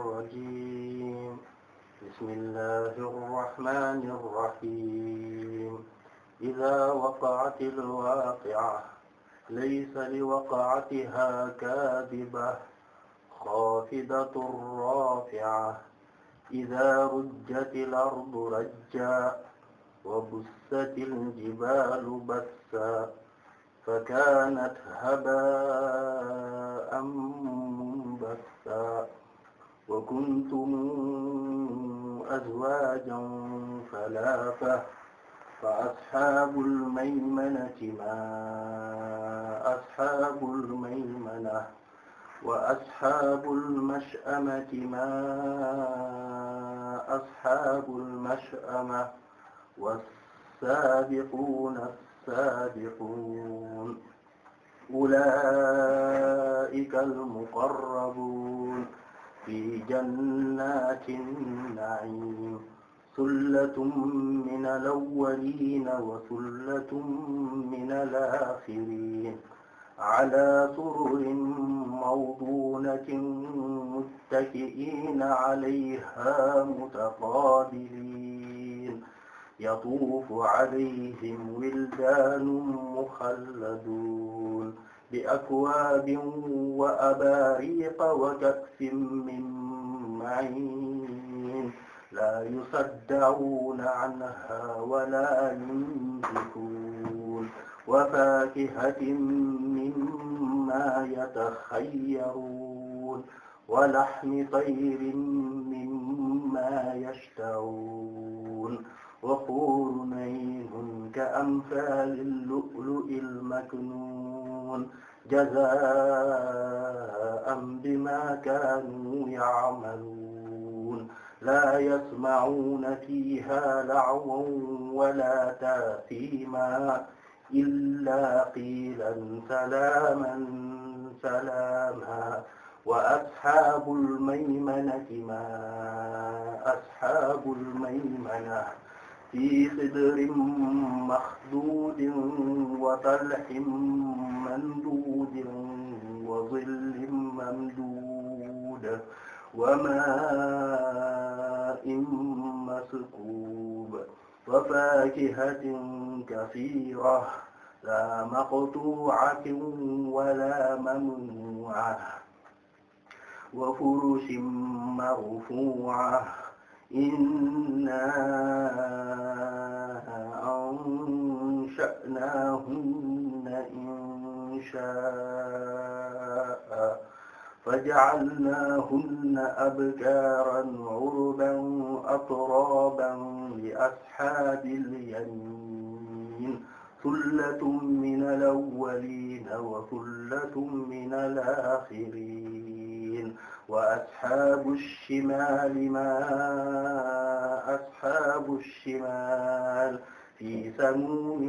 الرجيم بسم الله الرحمن الرحيم إذا وقعت الواقعة ليس لوقعتها كاذبة خافضة رافعة إذا رجت الأرض رجا وبست الجبال بسا فكانت هباء منبثا وكنتم أزواجا ثلاثة فأصحاب الميمنة ما أصحاب الميمنة وأصحاب المشأمة ما أصحاب المشأمة والسابقون السابقون أولئك المقربون في جنات النعيم ثلة من الأولين وثلة من الآخرين على سرر موضونة متكئين عليها متقابلين يطوف عليهم ولدان مخلدون بأكواب وأباريق وكأس من معين لا يصدعون عنها ولا ينزفون وفاكهة مما يتخيرون ولحم طير مما يشتهون وقور عين كأمثال اللؤلؤ المكنون جزاء بما كانوا يعملون لا يسمعون فيها لعوا ولا تاثيما إلا قيلا سلاما سلاما وأصحاب الميمنة ما أصحاب الميمنة fi sidrin maxduudin wa talxin manduudin wa zillin mamduud wa maa'in maskuub wa faakihatin kasiira laa maqtuucatin walaa mamnuuca wa furushin marfuuca inna ansha'nahunna insha'a faja'alnahunna abkaran 'urban atraban li ashabil yamin sullatun minal awwalina wa sullatun minal akhirin الْمُبِينِ وَأَصْحَابُ الشِّمَالِ مَا أَصْحَابُ الشِّمَالِ فِي سَمُومٍ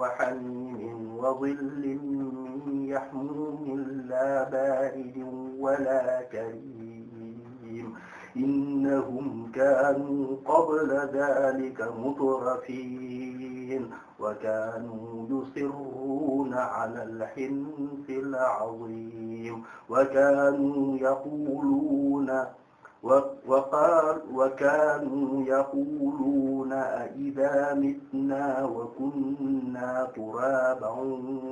وَحَمِيمٍ وَظِلٍّ مِّن يَحْمُومٍ لَّا بَارِدٍ وَلَا كَرِيمٍ إِنَّهُمْ كَانُوا قَبْلَ ذَلِكَ مُتْرَفِينَ أنفسهم وكانوا يصرون على الحنث العظيم وكانوا يقولون وقال وكانوا يقولون أئذا متنا وكنا ترابا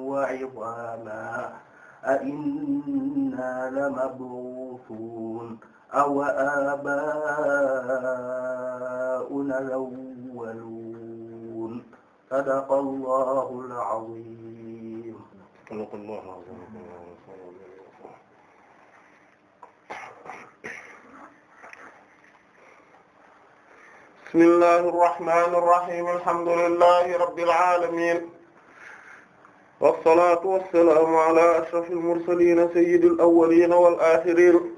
وعظاما أئنا لمبعوثون أو آباؤنا الأولون sadaqallahul azim bismillahir rahmanir rahim alhamdulillahi rabbil alamin was salatu was salamu ala ashrafil mursalin sayyidil awwalin wal akhirin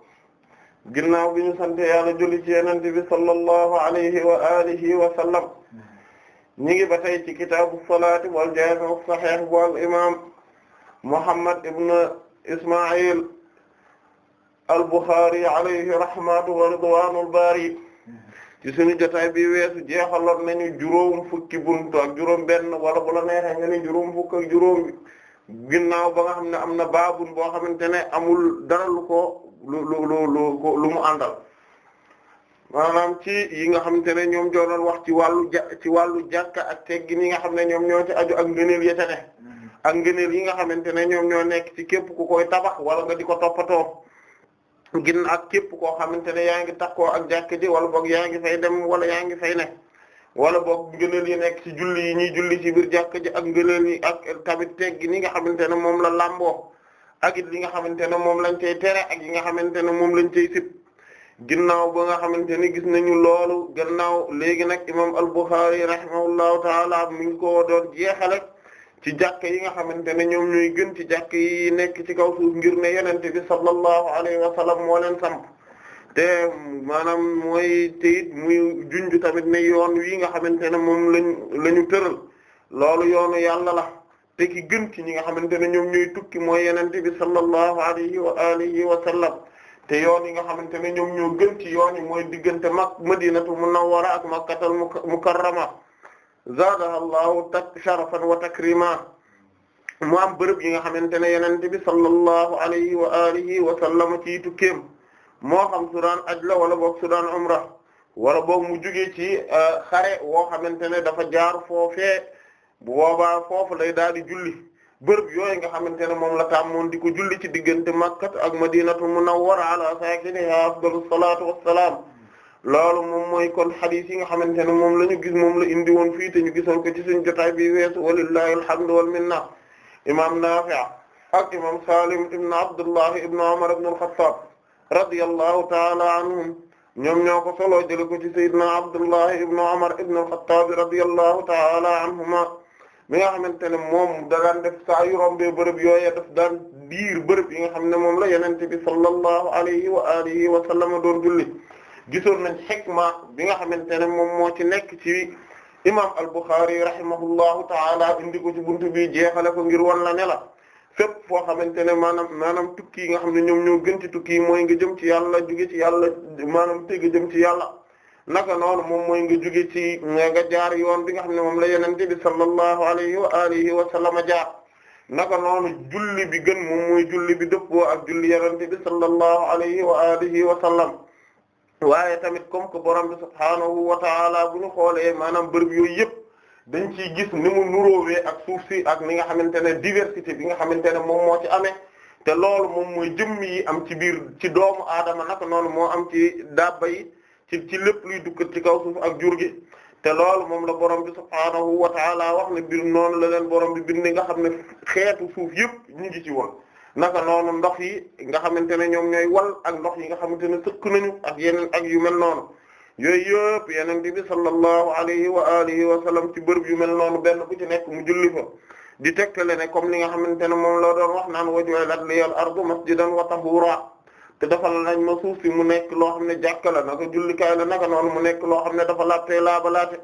ginnaaw bi ñu sant yàlla julli ci yonent bi sallallahu alayhi wa alihi wa ba tey ci kitaabu salaati wal jaami' as-sahih bu al imaam Muhammad ibn Isma'il al-Bukhari alayhi rahmatu wa ridwaanul baari ci suñu jotaay bi weesu jeexaloon nañu juróom fukki buntu ak juróom benn wala bu neexee nga juróom fukk ak juróom ginnaaw ba nga xam ne am na baabun boo xamante ne amul dara ko lu lu lu lu mu àndal maanaam ci yi nga xamante ne ñoom ñoo wax ci wàllu ja ci wàllu jàkka ak teggin ni nga xam ne ñoom ñoo ci aju ak ngëneel ya ca mm-hmm. ak ngëneel yi nga xamante ne ñoom ñoo nekk ci képp ku koy tabax wala nga di ko toppatoo gin ak képp koo xamante ne yaa ngi takkoo ak jàkka ji wala boog yaa ngi fay dem wala yaa ngi fay ne wala boog ngëneel yi nekk ci julli yi ñuy julli ci biir jàkka ji ak ngëneel yi ak tamit teggin ni nga xamante ne moom la làmboo ak it li nga xamante ne moom lañ cay tere ak yi nga xamante ne moom lañ cay sib ginnaaw ba nga xamante ne gis ñu loolu gannaaw léegi nag imam al-Bukhari rahimahullahu taala mi ngi ko doon jeexale ci jàkk yi nga xamante ne ñoom ñooy gën ci jàkk yi nekk ci kaw suuf ngir ne yonent bi sallallahu alayhi wa sallam moo leen samp te maanaam mooy teyit muy junj tamit ne yoon wi nga xamante ne moom lañ la ñu tëral loolu yoonu yàlla la te ki gën ñi nga xamante ne ñoom ñooy tukki mooy yenente bi sallallahu alayhi wa alihi wa sallam te yoon yi nga xamante ne ñoom ñoo gën ci yoon yi mooy diggante mak madinatu munawwara ak makkatal mukarrama zaadaha llahu tak sharafan wa takrima mu am bërëb yi nga xamante ne yenente bi sallallahu alayhi wa alihi wa sallam ci tukkeem moo xam su daan aj la wala boog su daan umra wala boog mu jugee ci euh, xare woo xamante ne dafa jaar foofee bu boobaa foofu lay daal di julli bërëb yooyu nga xamante ne moom la taam tàmmoon di ko julli ci diggante Makkat ak Madinatu Munawwara ala saakiniha afdalu salaatu wassalaam loolu moom mooy kon xadiis yi nga xamante ne moom la ñu gis moom la indi woon fii te ñu gisoon ko ci suñu jotaay bi weesu walillahi alhamdu wal minna imaam Naafi' ak imaam Salim ibn Abdullah ibn Umar ibn al-Khattab radiyallahu ta'ala anhum ñoom ñoo ko solo jële ko ci sayyidina Abdullah ibn Umar ibn al-Khattab radiyallahu ta'ala bi nga xamante ne moom da daan def saa yu rombee bërëb yooya daf daan diir bërëb yi nga xam ne moom la yenente bi sallallahu alayhi wa alihi wa sallam doon julli gisoon nañ xikma bi nga xamante ne moom moo ci nekk ci imam al-Bukhari rahimahullahu taala indi ko ci buntu bi jeexale ko ngir wan la ne la fépp foo xamante ne maanaam maanaam tukki yi nga xam ne ñoom ñoo gën ci tukki mooy nga jëm ci yàlla jóge ci yàlla maanaam te nga jëm ci yàlla naka noonu moom mooy nga jóge ci nga jaar yoon bi nga xam ne moom la yenente bi sallallahu alayhi wa alihi wa sallama jaar naka noonu julli bi gën moom mooy julli bi dëppoo ak julli yenente bi sallallahu alayhi wa alihi wa sallam waaye tamit comme que borom bi subhaanahu wa taala bu ñu xoolee maanaam bërëb yooyu yëpp dañ ciy gis ni mu nuróowee ak suuf si ak ni nga xamante ne diversité bi nga xamante ne moom moo ci amee te loolu moom mooy jëmm am ci biir ci doomu aadama naka noonu moo am ci dabba yi ci ci lépp luy dukkat ci kaw suuf ak jur gi te loolu moom la borom bi subhaanahu wa taala wax ne bir noonu la leen borom bi bind nga xam ne xeetu suuf yëpp ñu ngi ci woon naka noonu ndox yi nga xamante ne ñoom ñooy wal ak ndox yi nga xamante ne sëkk nañu ak yeneen ak yu mel noonu yooy yëpp yeneen bi sallallahu alayhi wa alihi wa sallam ci bërëb yu mel noonu benn ku ci nekk mu julli fa di tegtale ne comme li nga xamante ne moom la doon wax naan waj'alat liyal ardu masjidan wa tahura te defal nañ ma suuf si mu nekk loo xam ne jàkka la naka jullikaay la naka noonu mu nekk loo xam ne dafa laajtee laabalaate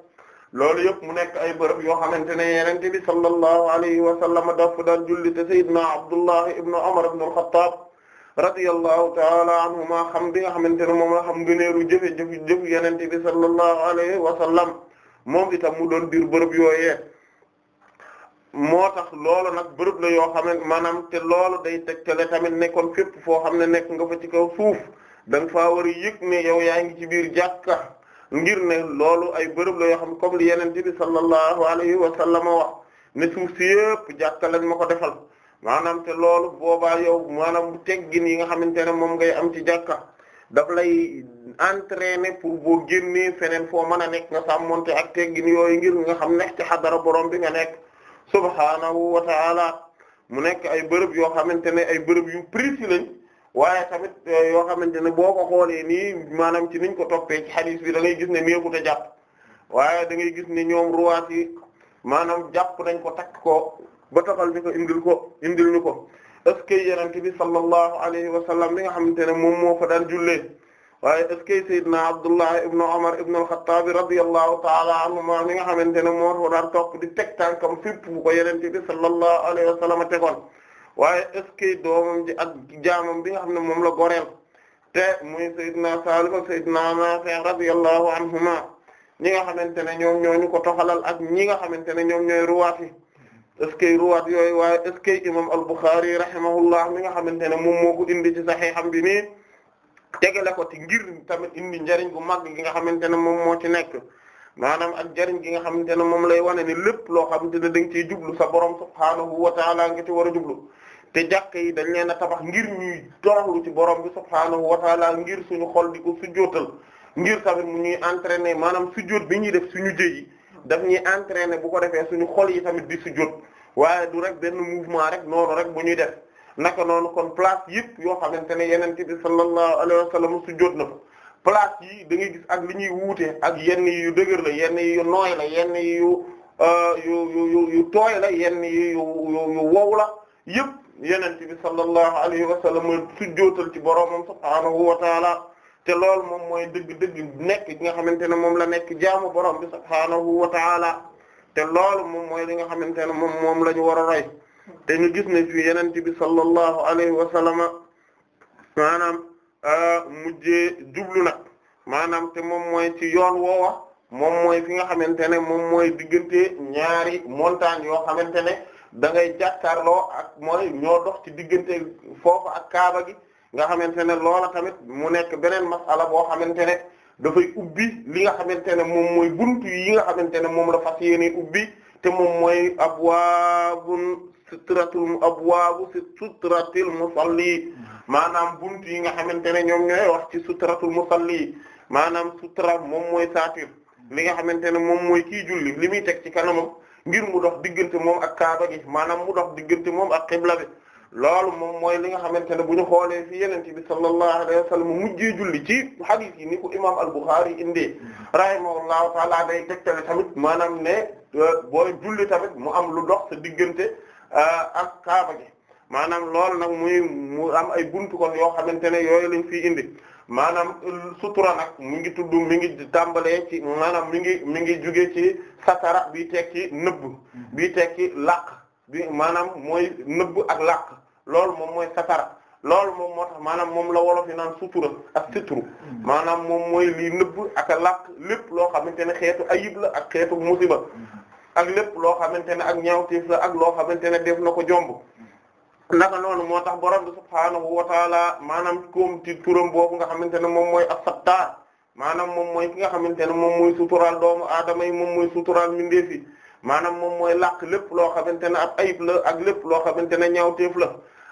loolu yëpp mu nekk ay bërëb yoo xamante ne yonent bi sallallahu alayhi wa sallam dafa daan julli te Seydina Abdullah ibn Umar ibn al-Khattab radiyallahu ta'ala anhuma xam bi nga xamante ne moom la xam ngëneeru jëfe jëf jëf yonent bi sallallahu alayhi wa sallam moom itam mu doon biir bërëb yooyee. moo tax loolu nag bërëb la yoo xam ne maanaam te loolu day teg tegtale tamit nekkoon fépp foo xam ne nekk nga fa ci kaw suuf da nga faa war yëg ne yow yaa ngi ci biir jàkka ngir ne loolu ay bërëb la yoo xam ne comme li yenente bi sallallahu alayhi wa sallam wax ne suuf si yëpp jàkka lañ ma ko defal maanaam te loolu boobaa yow maanaam bu teggin yi nga xam ne moom ngay am ci jàkka daf lay entraîner pour boo génnee feneen foo mën a nekk nga sàmmonte ak teggin yooyu ngir nga xam ne ci xadara borom bi nga nekk subhaanahu wa ta'ala mu nekk ay bërëb yoo xamante ne ay bërëb yu précis lañ waaye tamit eh, yoo xamante ne boo ko xoolee nii maanaam ci niñ ko toppee ci hadith bi da ngay gis ne néexut jàpp waaye da ngay gis ne ñoom ruwaat yi maanaam jàpp nañ ko takk ko ba toxal ni ko indil ko indil ñu ko est ce que yenente bi sallallahu alayhi wa sallam li nga xamante ne moom moo fa daan jullee waaye est-ce que Seydina Abdullah ibn Umar ibn al-Khattab radiyallahu ta'ala anhuma mi nga xamante ne moo ko daan topp di teg tànkam fépp bu ko Yonent bi sallallahu alayhi wa sallam tegoon waaye est-ce que doomam ji ak jaamam bi nga xam ne moom la goreel te muy Seydina Salim ak Seydina Nafi' radiyallahu anhuma ñi nga xamante ne ñoom ñooñu ko toxalal ak ñi nga xamante ne ñoom ñooy ruwaat yi est-ce que yooyu waaye est-ce que imam al-Bukhari mi nga xamante ne moom moo ko indi ci Sahiham bi nii tegale ko ci ngir tamit indi njariñ bu mag gi nga xamante ne moom moo ci nekk maanaam ak njariñ gi nga xamante ne moom lay wane ni lépp loo xam ne da nga ciy jublu sa borom subhaanahu wa taala nga ci war a jublu te jàkk yi dañ leen a tabax ngir ñuy toroxlu ci borom bi subhaanahu wa taala ngir suñu xol di ko sujjóotal ngir tamit mu ñuy entraîner maanaam sujjóot bi ñuy def suñu jëyi daf ñuy entraîner bu ko defee suñu xol yi tamit di sujjóot waaye du rek benn mouvement rek noonu rek bu ñuy def naka noonu kon place yëpp yoo xamante ne yenente bi sallallahu alayhi wa sallam su na ko place yi da ngay gis ak li ñuy wuute ak yenn yu dëgër la yenn yu nooy la yenn euh, yu yu tooy la yenn yi yu wow la yëpp yeneen bi sallallahu alayhi wa sallam su jootal ci boroomam subhaanahu wa taala te loolu moom mooy dëgg-dëgg nekk gi nga xamante ne moom la nekk jaamu borom bi subhaanahu wa taala te loolu moom mooy li nga xamante ne moom moom la ñu war a roy te ñu gis ne fi yonent bi sallallahu alayhi wa sallam maanaam mujjee jublu na maanaam te moom mooy ci yoon woowa moom mooy fi nga xamante ne moom mooy diggante ñaari montagne yoo xamante ne da ngay jàkkaarloo ak mooy ñoo ci diggante foofu ak kaaba gi nga xamante ne loola tamit mu nekk beneen masala boo xamante ne dafay ubbi li nga xamante ne moom mooy buntu yi nga xamante ne moom la fas ubbi te moom mooy abwaabun sutratul abwaabu fi sutratil musalli maanaam buntu nga xamante ne ñoom ñooy wax ci sutratul musalli maanaam sutra moom mooy saatir li nga xamante ne moom mooy kii julli li muy teg ci kanamam ngir mu dox diggante moom ak kaaba gi maanaam mu dox diggante moom ak xibla bi loolu moom mooy li nga xamante ne bu ñu xoolee fi yenente bi sallallahu alayhi wa mu mujjee julli ci hadith yi ni ko imam al-Bukhari indee rahimahullahu taala day tegtale tamit maanaam ne euh, booy tamit mu am lu dox sa Euh, a kaaba gi maanaam loolu nag muy mu ay buntu yoo xamante ne yooyu lañ fi indi maanaam sutura nag mi ngi tudd mi ngi tàmbalee ci maanaam mi ngi mi ngi jugee ci satara bi tekki nëbb bi tekki làq bi maanaam mooy nëbb ak làq loolu moom mooy satara loolu moom moo maanaam moom la wolof yi naan sutura ak suturu maanaam moom mooy lii nëbb ak a làq lépp loo xamante ne xeetu ayib la ak xeetu musiba ak lépp loo xamante ne ak ñaawteef la ak loo xamante ne def na ko jomb naka noonu moo tax borom bi subhaanahu wa taala maanaam koom ci turam boobu nga xamante ne moom mooy as maanaam moom mooy ki nga xamante ne moom mooy suturaal doomu aadama yi moom mooy suturaal mbindeef yi maanaam moom mooy làq lépp loo xamante ne ab ayib la ak lépp loo xamante ne ñaawteef la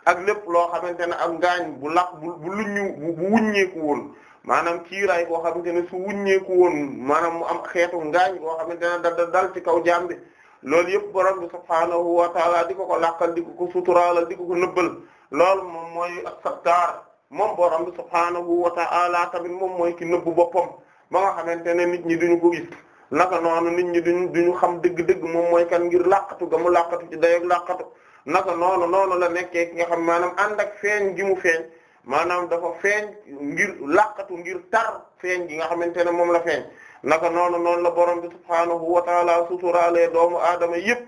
ak lépp loo xamante ne ab ngaañ bu làq bu luñu bu wuññeeku woon maanaam kiiraay boo xam ne su wuññeeku woon maanaam mu am xeetu ngaañ boo xam ne dal dal ci kaw jaam bi loolu yëpp borom bi subhaanahu wa taala di ko ko làqal di ko ko di ko ko nëbbal loolu moom mooy ak sattar moom borom bi subhaanahu wa taala tamit moom mooy ki nëbbu boppam ba nga xamante ne nit ñi duñu ko gis naka noonu nit ñi duñu duñu xam dëgg-dëgg moom mooy kan ngir làqatu ga mu làqatu ci dayoog làqatu naka noonu noonu la nekkee ki nga xam maanaam ànd ak feeñ gi mu feeñ maanaam dafa feeñ ngir laqatu ngir tar feeñ gi nga xamante ne moom la feeñ naka noonu noonu la borom bi subhaanahu wa taala suturaale doomu aadama yëpp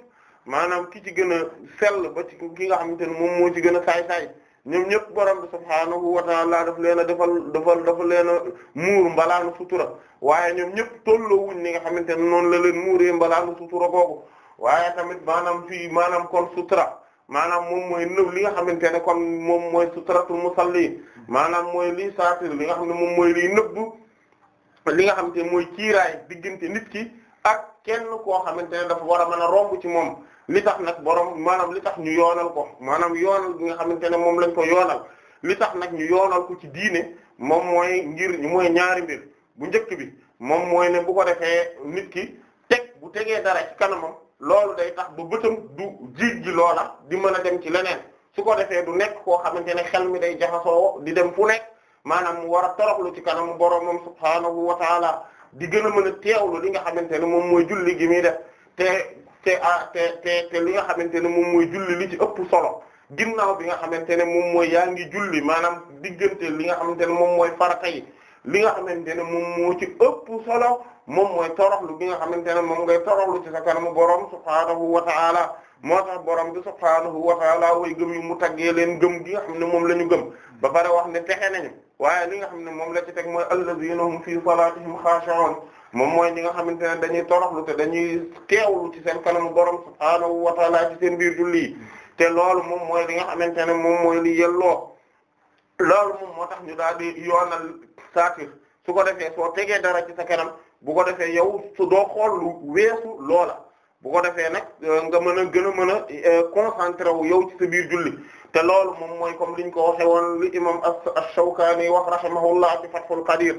maanaam ki ci gën a sell ba ci ki nga xamante ne moom moo ci gën a saay-saay ñoom ñëpp borom bi subhaanahu wa taala daf leen a defal defal dafa leen a muur mbalaanu sutura waaye ñoom ñëpp tolloowuñ ni nga xamante ne noonu la leen muuree mbalaanu sutura googu waaye tamit maanaam fii maanaam kon sutura maanaam moom mooy nëb li nga xamante ne kon moom mooy sutratul musalli maanaam mooy liy saatir li nga xam ne moom mooy liy nëbbu li nga xamante ne mooy kiiraay diggante nit ki ak kenn koo xamante ne dafa war a mën a romb ci moom li tax nag borom maanaam li tax ñu yoonal ko maanaam yoonal bi nga xamante ne moom lañ ko yoonal li tax nag ñu yoonal ko ci diine moom mooy ngir mooy ñaari mbir bu njëkk bi moom mooy ne bu ko refee nit ki teg bu tegee dara ci kanamam. loolu day tax ba bëtam du jiig ji loola di mën a dem ci leneen su ko defee du nekk koo xamante ne xel mi day jaxasoo di dem fu nekk maanaam mu war a toroxlu ci kanam boromam subhaanahu wa taala di gën a mën a teewlu li nga xamante ne moom mooy julli gi muy def te te te te te li nga xamante ne moom mooy julli li ci ëpp solo ginnaaw bi nga xamante ne moom mooy yaa ngi julli maanaam diggante li nga xamante ne moom mooy farata yi li nga xamante ne moom moo ci ëpp solo moom mooy toroxlu bi nga xamante ne moom ngay toroxlu ci sa kanamu borom subhaanahu wa ta'ala moo tax borom bi subhaanahu wa ta'ala way gëm yu mu taggee leen gëm gi nga xam moom la ñu gëm ba pare wax ne texe nañu waaye li nga xam ne moom la ci teg mooy alladhiina hum fii salaatihim xaashi'uun moom mooy ñi nga xamante ne dañuy toroxlu te dañuy teewlu ci seen kanamu borom subhaanahu wa ta'ala ci seen biir julli te loolu moom mooy li nga xamante ne moom mooy li yelloo loolu moom moo tax ñu daal di yoonal saatir su ko defee soo tegee dara ci sa kanam bu ko defee yow su doo xool lu weesu loola bu ko defee nag euh, nga mën a gën a mën a euh, concentré wu yow ci sa biir julli te loolu moom mooy comme liñ ko waxe woon li imam ash-Shawkani wax rahimahullah ci Fathul Qadir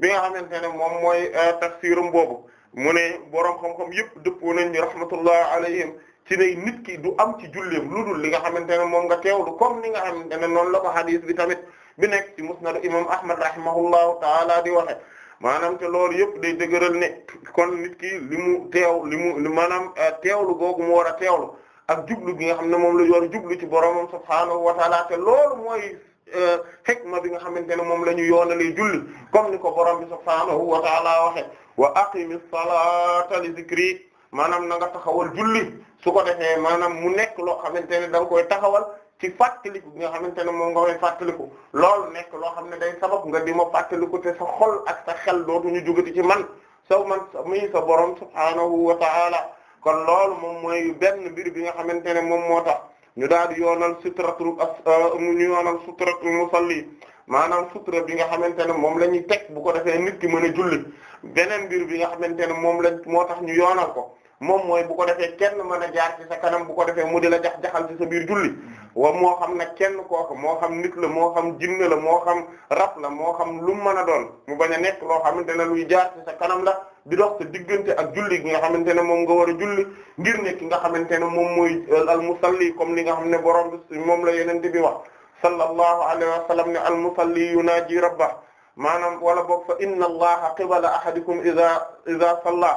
bi nga xamante ne moom mooy euh, tafsirum boobu mu ne boroom xam-xam yëpp dëppoo nañ ñu rahmatullah alayhim ci ne nit ki du am ci julleem lu dul li nga xamante ne moom nga teewlu comme ni nga xamante ne noonu la ko hadith bi tamit bi nekk ci musnad imam Ahmad rahimahullahu taala di waxe maanaam te loolu yëpp day dëgëral ne kon nit ki li mu teew li mu maanaam euh, teewlu googu mu war a teewlu ak jublu gi nga xam ne moom la yor jublu ci boromam subhaanahu wa taala te loolu mooy euh, ma bi nga xamante ne moom la ñu yoonalee julli comme ni ko borom bi subhaanahu wa taala waxe wa aqimis salata li zikri maanaam na nga taxawal julli su ko defee maanaam mu nekk loo xamante ne da nga koy taxawal ci fàttaliku bi nga xamante ne moom nga koy fàttaliku lool nekk loo xam ne day sabab nga di ma fàttaliku te sa xol ak sa xel ñu jugati ci man saw man muy sa boroom subhaanahu wa ta'ala kon loolu moom mooy benn mbir bi nga xamante ne moom moo tax ñu daal di yoonal sutratul euh, ñu yoonal sutratul musalli maanaam sutra bi nga xamante ne moom la ñuy teg bu ko defee nit ki mën a julli beneen mbir bi nga xamante ne moom lañ moo tax ñu yoonal ko moom mooy bu ko defee kenn mën a jaar ci sa kanam bu ko defee mu di a jax jaxal ci sa biir julli wa moo xam nag kenn kooku moo xam nit la moo xam jinne la moo xam rab la moo xam lu mu mën a doon mu bañ a nekk loo xamante ne luy jaar ci kanam la di dox diggante ak julli ki nga xamante ne moom nga war a julli ngir ne ki nga xamante ne moom mooy al musalli comme li nga xam ne borom bi moom la yeneen di bi wax sallallahu alayhi wa sallam ne al musalli yunaaji rabba maanaam wala boog fa inna allaha qibala ahadikum idha idha salla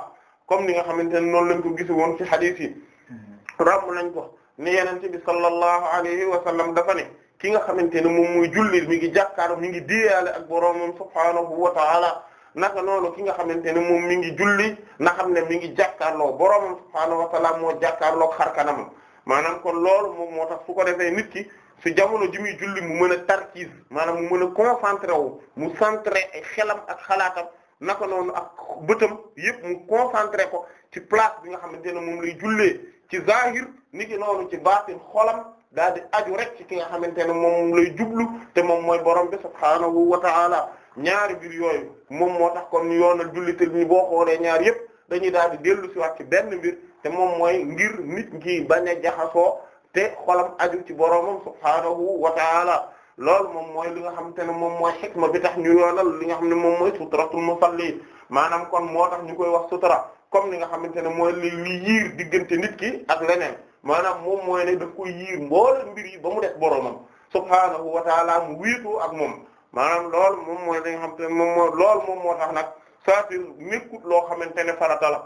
comme li nga xamante ne noonu lañ ko gisi woon ci hadith yi mm-hmm. ràmm nañ ko ne yenente bi sallallahu alayhi wa sallam dafa ne ki nga xamante ne moom muy julli mi ngi jàkkaarloo mi ngi diyaale ak boroomam subhaanahu wa ta'ala naka noonu ki nga xamante ne moom mi ngi julli na xam ne mi ngi jàkkaarloo boroomam subhaanahu wa ta'ala moo jàkkaarloo xar kanamam maanaam kon loolu moom moo tax su ko defee nit ki su jamono ji muy julli mu mën a tarkiis maanaam mu mën a concentré wu mu centré ay xelam ak xalaatam naka noonu ak bëtam yëpp mu concentré ko ci bi nga xamante ne moom lay jullee ci zahir ni ki noonu ci baatin xolam daal di aju rek ci ki nga xamante ne moom lay jublu te moom mooy borom bi subhaanahu wa ta'ala ñaari biir yooyu moom moo tax kon yoonal jullital ñi boo xoolee ñaar yëpp dañuy daal di dellu si waat ci benn mbir te moom mooy ngir nit ki bañ a jaxasoo te xolam aju ci boromam subhaanahu wa ta'ala loolu moom mooy li nga xamante ne moom mooy xikma bi tax ñu yoonal li nga xam ne moom mooy suturatul musalli maanaam kon moo tax ñu koy wax sutura comme ni nga xamante ne mooy li yiir diggante nit ki ak leneen maanaam moom mooy ne daf koy yiir mbool mbir yi ba mu def boromam subhaanahu wa taala mu wiitu ak moom maanaam lool moom mooy li nga xamante ne moom moo loolu moom moo tax nag saatir nekkut loo xamante ne farata la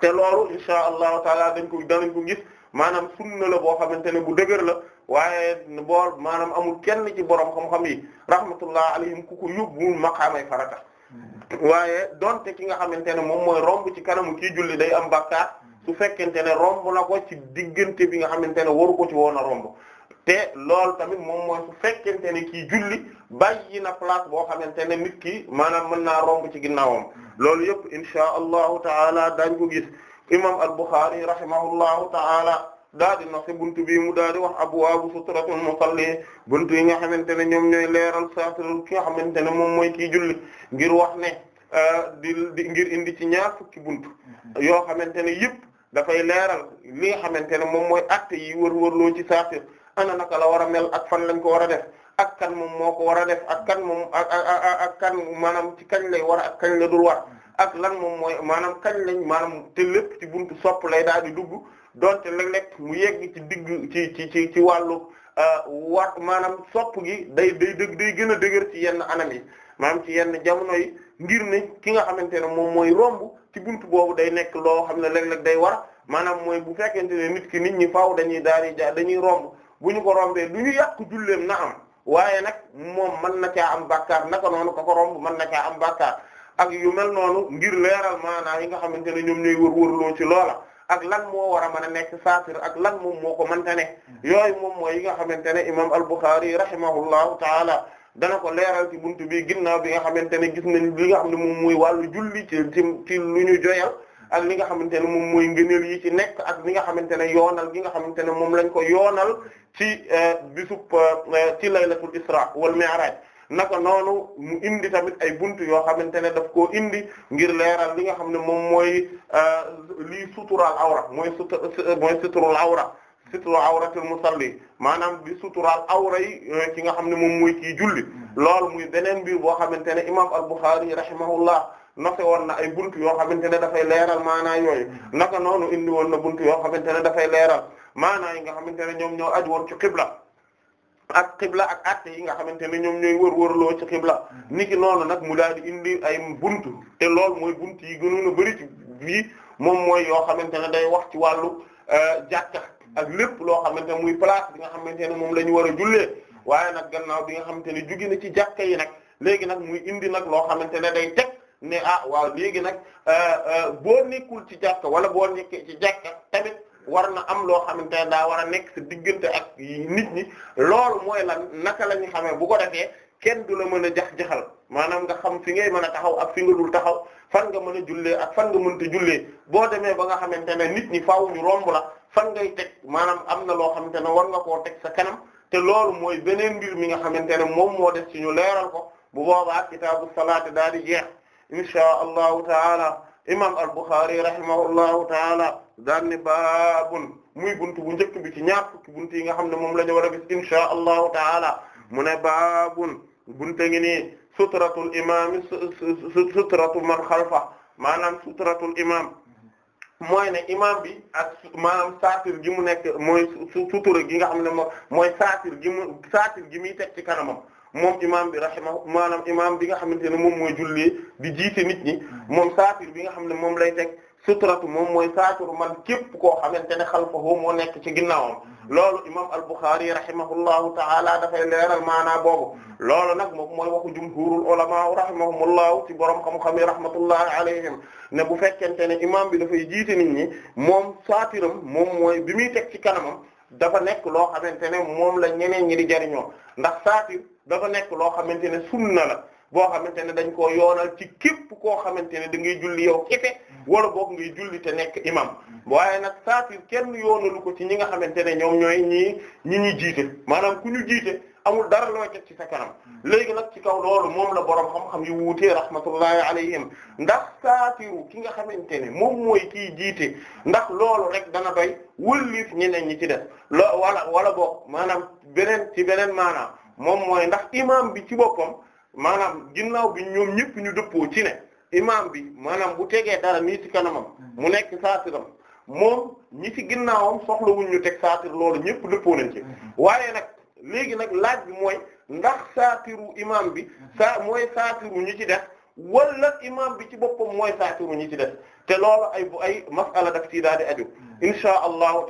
te loolu insha allahu taala dañ ko danañ ko gis maanaam sunna la boo xamante ne bu dëgër la waaye bool maanaam amul kenn ci borom xam-xam yi rahmatullah alayhim ku ko yóbbu maqaamay farata waaye donte ki nga xamante ne moom mooy romb ci kanamu kii julli day am bàkkaar su fekkente ne romb na ko ci diggante bi nga xamante ne waru ko ci woon a romb te loolu tamit moom mooy su fekkente ne kii julli bàyyi na place boo xamante ne nit ki maanaam mën naa romb ci ginnaawam loolu yëpp insha allahu taala daañ ko gis imam al-Bukhari rahimahullahu taala daa di nax si buntu bii mu daa di wax abwaabu sutratul musalli buntu yi nga xamante ne ñoom ñooy leeral saatul ki nga xamante ne moom mooy kii julli ngir wax ne euh, di ngir indi ci ñaar fukki buntu yoo xamante ne yëpp dafay leeral li nga xamante ne moom mooy acte yi wër-wërloo ci saatir ana naka la war a mel ak fan lañ ko war a def ak kan moom moo ko war a def ak kan moom ak ak kan maanaam ci kañ lay war ak kañ la dul ak lan moom mooy maanaam kañ lañ maanaam te lépp ci buntu sopp lay daal di dugg donte léeg-léeg mu yegg ci digg ci ci ci ci wàllu euh, wat maanaam sopp gi day day day gën a dëgër ci yenn anam yi maanaam ci yenn jamono yi ngir ni ki nga xamante ne moom mooy romb ci buntu boobu day nekk loo xam ne léeg-léeg day war maanaam mooy bu fekkente ne nit ki nit ñi faaw dañuy daal ja dañuy romb bu ñu ko rombee du ñu yàq julleem na am waaye nag moom mën na caa am bàkkaar naka noonu ka ko romb mën na caa am bàkkaar ak yu noonu ngir leeral maanaam yi nga xamante ne ñoom ñooy wër-wërloo ci loola ak lan moo war a mën nekk saatir ak lan moo ko mënta ne yooyu moom mooy yi nga xamante ne imam al-Bukhari rahimahullahu taala dana ko leeral ci buntu bi ginnaaw bi nga xamante ne gis nañ li nga xam ne moom mooy wàllu julli ci ci lu ñu joyal ak li nga xamante ne moom mooy ngëneel yi ci nekk ak li nga xamante ne yoonal gi nga xamante ne moom lañ ko yoonal ci eh, bisub eh, ci laylatul isra wal mi'raj naka noonu mu indi tamit ay buntu yoo xamante ne daf ko indi ngir leeral li nga xam ne moom mooy euh, lii suturaal awra mooy sutu mooy suturul awra suturu awratul musalli maanaam bi suturaal awra yi euh, ki nga xam ne moom mooy kii julli loolu muy beneen bi boo xamante ne imaam al-Bukhari rahimahullah nose woon na ay buntu yoo xamante ne dafay leeral maanaa yooyu naka noonu indi woon na buntu yoo xamante ne dafay leeral maanaa yi nga xamante ne ñoom ñoo aju woon ci qibla ak xibla ak atte yi nga xamante ne ñoom ñooy wër wërloo ci xibla mm-hmm. niki noonu nag mu daal di indi ay buntu te lool mooy buntu yi gënoon a bari ci bii moom mooy yoo xamante ne day wax ci wàllu euh, jàkka ak lépp loo xamante muy place bi nga xamante ne moom la ñu war a jullee mm-hmm. waaye nag gannaaw bi nga xamante ne jugi na ci jàkka yi nag léegi nag muy indi nag loo xamante ne day teg ne ah waaw léegi nag euh, euh, boo nekkul ci jàkka wala boo nekkee ci jàkka tamit war na am loo xamante ne daa war a nekk sa diggante ak nit ñi loolu mooy lan naka la ñu xamee bu ko defee kenn du la mën a jax-jaxal maanaam nga xam fi ngay mën a taxaw ak fi nga dul taxaw fan nga mën a jullee ak fan nga mën mënta jullee boo demee ba nga xamante ne nit ñi faaw ñu romb la fan ngay teg maanaam am na loo xam ne war nga koo teg sa kanam te loolu mooy beneen mbir mi nga xamante ne moom moo des ci ñu leeral ko bu boobaa kitaabu salaat daal di jeex insha allahu taala imam al-Bukhari rahimahullahu taala daan ne baabun muy buntu bu njëkk bi ci ñaar fukki buntu yi nga xam ne moom la ñu war a gis inshaa taala mu ne baabun bunte ngi nii sutratul imaam sutratu man xalfa maanaam sutratul imaam mooy ne imaam bi ak maanaam saatir gi mu nekk mooy sutura gi nga xam ne moom mooy saatir gi mu saatir gi muy teg ci kanamam moom imaam bi rahimahu maanaam imaam bi nga xamante ne moom mooy julli di jiite nit ñi hmm. moom saatir bi nga xam ne moom lay teg sutratu moom mooy saaturu man képp koo xamante ne xalfahu moo nekk ci ginnaawam loolu imam al-Bukhari rahimahullahu ta'ala dafay leeral maanaa boobu loolu nag moom mooy waxu jumhurul ulama rahimahumullahu ci borom xam-xam yi rahmatullahi alayhim ne bu fekkente ne imam bi dafay jiite nit ñi moom saatiram moom mooy bi muy teg ci kanamam dafa nekk loo xamante ne moom la ñeneen ñi di jariñoo ndax saatir dafa nekk loo xamante ne sunna la boo xamante ne dañ koo yoonal ci képp koo xamante ne da ngay julli yow kese mm. wala boog ngay julli te nekk imam mm. waaye nag saatir kenn yoonalu ko ci ñi nga xamante ne ñoom ñooy ñii ñi ñi jiite maanaam ku ñu jiite amul dara loo jot ci sa kanam mm. léegi nag ci kaw loolu moom la borom xam-xam yi wuutee rahmatullahi alayhim ndax saatiru ki nga xamante ne moom mooy kii jiite ndax loolu rek dana doy wëlliif ñeneen ñi ci def loo wala wala boog maanaam beneen ci beneen moom mooy ndax imam bi ci boppam maanaam ginnaaw bi ñoom ñëpp ñu dëppoo ci ne imaam bi maanaam bu tegee dara nii ci kanamam mu nekk saatiram moom ñi ci ginnaawam soxlawuñ ñu teg saatir loolu ñëpp dëppoo nañ ci waaye nag léegi nag laaj bi mooy ndax saatiru imaam bi saa mooy saatiru ñi ci def wala imaam bi ci boppam mooy saatiru ñi ci def te loolu ay bu ay masala daf ci daal di aju inshaa allahu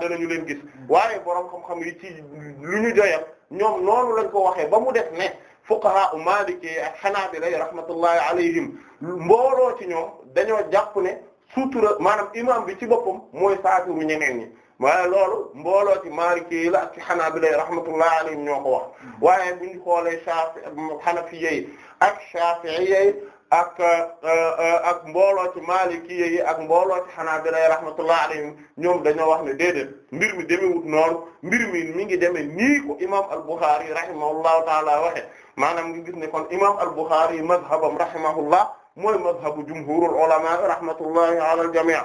dana ñu leen gis waaye borom xam-xam yi ci lu ñu joyal ñoom noonu lañ ko waxee ba mu def ne fuqaha u maliki ak hanabila rahmatullahi alayhim mbooloo ci ñoom dañoo jàpp ne sutura maanaam imam bi ci boppam mooy saatiru ñeneen ñi waaye loolu mbooloo ci maliki la ak ci hanabila rahmatullahi alayhim ñoo ko wax waaye bu ñu xoolee shafi hanafiyyi ak shafi'iyyi ak ak mbooloo ci maliki yi ak mbooloo ci hanabila rahmatullah alayhim ñoom dañoo wax ne déedéet mbir mi demewut noonu mbir mi mi ngi demee nii ko imam al-Bukhari rahimahullahu taala waxe maanaam ngi gis ne kon imam al-Bukhari mazhabam rahimahullah mooy mazhabu jumhurul ulama rahmatullahi ala al-jami'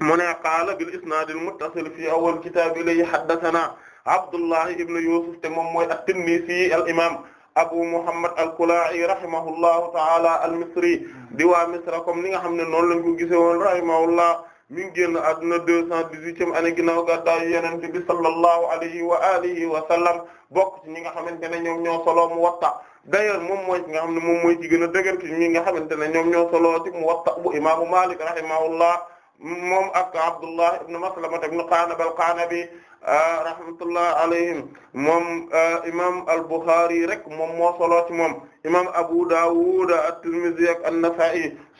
mu ne qaala bil isnaad al-muttasil fi awwal kitaab ilayhi haddathana Abdullahi ibn Yusuf te moom mooy at-Tinnisi al-imam Abu Muhammad al-Kula'i rahimahullahu ta'ala al-Misri di waa Misra comme ni nga xam ne noonu lañ ko gisee woon rahimahullah mi ngi génn àdduna deux cent dix-huitième année ginnaaw gàddaay yonent bi sallallahu alayhi wa alihi wa sallam bokk ci ñi nga xamante ne ñoom ñoo solo Muwatta d'ailleurs moom mooy ci nga xam ne moom mooy ci gën a dëgër ci ñi nga xamante ne ñoom ñoo solo ci Muwatta bu imaamu Malik rahimahullah moom ak Abdullah ibn Maslama ibn Qanab al bi Ah, rahmatullah alayhim moom ah, imam al-Bukhari rek moom moo solo ci moom imam Abu Dawud at-Tirmidhi ak an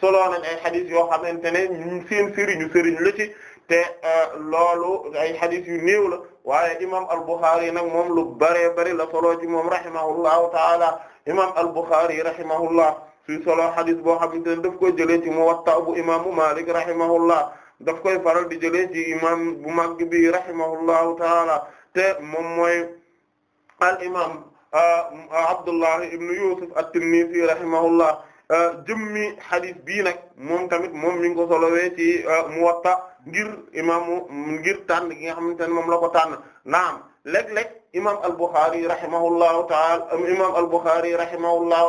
solo nañ ay xadis yoo xamante ne ñu seen sëriñu sëriñ la ci te ah, loolu ay xadis yu néew la waaye imam al-Bukhari nag moom lu bëree bëri la solo ci moom rahimahullahu taala imam al-Bukhari rahimahullah suy solo xadis boo xamante ne daf ko jëlee ci Muwatta bu imaamu Malik rahimahullah daf koy faral di jëlee ci imam bu mag bi rahimahullahu taala te moom mooy al imam ah, Abdullah ibn Yusuf at-Tinnisi rahimahullah ah, jëmmi xadis bii nag moom tamit moom mi ngi ko solowee ci ah, Muwatta ngir imaamu ngir tànn gi nga xamante ne moom la ko tànn naam léeg-léeg imam al-Bukhari rahimahullahu taala imam al-Bukhari rahimahullahu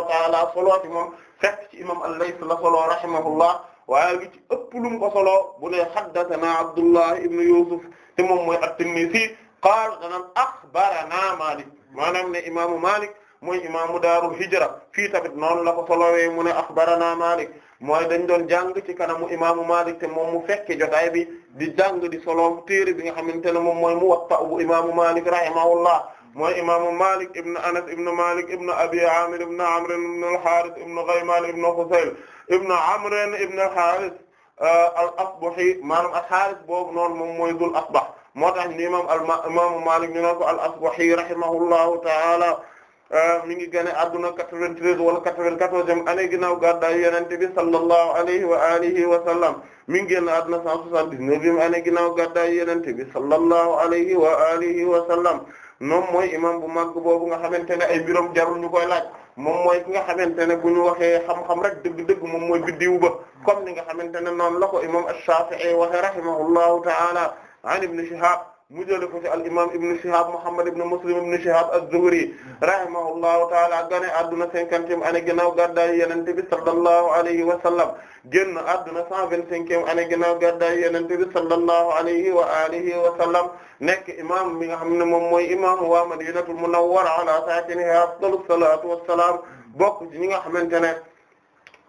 imam al-Layth la solo rahimahullah waaye li ci ëpp lu mu ko solo bu ne haddathana Abdullah ibn Yusuf te moom mooy at-Tinnisi qaala danam akhbarana Malik maanaam ne imaamu Malik mooy imaamu daaru hijra fii tamit noonu la ko solowee mu ne akhbarana Malik mooy dañ doon jàng ci kanamu imaamu Malik te moom mu fekke jotaay bi di jàng di solo téere bi nga xamante ne moom mooy Muwatta bu imaamu Malik rahimahullah mooy imaamu Malik ibn Anas ibn Malik ibn Abi Amir ibn Amr ibn al-Harith ibn Ghayman ibn Husayl ibn Amr ibn al-Harith uh, al-Asbahi maanaam al-Harith boobu noonu moom mooy dul Asbah moo tax ni imam al imaamu Malik ñu ne ko al-Asbahi rahimahullahu ta'ala uh, mi ngi génn adduna 93 wala 94e année ginnaaw gàddaay Yonent bi sallallahu alayhi wa alihi wa sallam mi ngi génn adduna 179e année ginnaaw gàddaay Yonent bi sallallahu alayhi wa alihi wa sallam moom mooy imam bu mag boobu nga xamante ne ay mbiram jarul ñu koy laaj moom mooy ki nga xamante ne bu ñu waxee xam-xam rek dëgg-dëgg moom mooy biddiw ba comme ni nga xamante ne noonu la ko imam Ash-Shafi'i waxe rahimahullahu ta'ala an Ibn Shihab mu jële ko ci al imam ibnu Shihab Muhammad ibnu Muslim ibnu Shihab az-Zuhri rahimahullahu taala gane adduna cinquantième année ginnaaw gàddaay yenente bi sallallahu alayhi wa sallam génn adduna cent vingt-cinquième année ginnaaw gàddaay yenente bi sallallahu alayhi wa alihi wa sallam nekk imam mi nga xam ne moom mooy imam waa Madinatul Munawwara ala saakiniha afdalu salaatu wassalaam bokk ci ñi nga xamante ne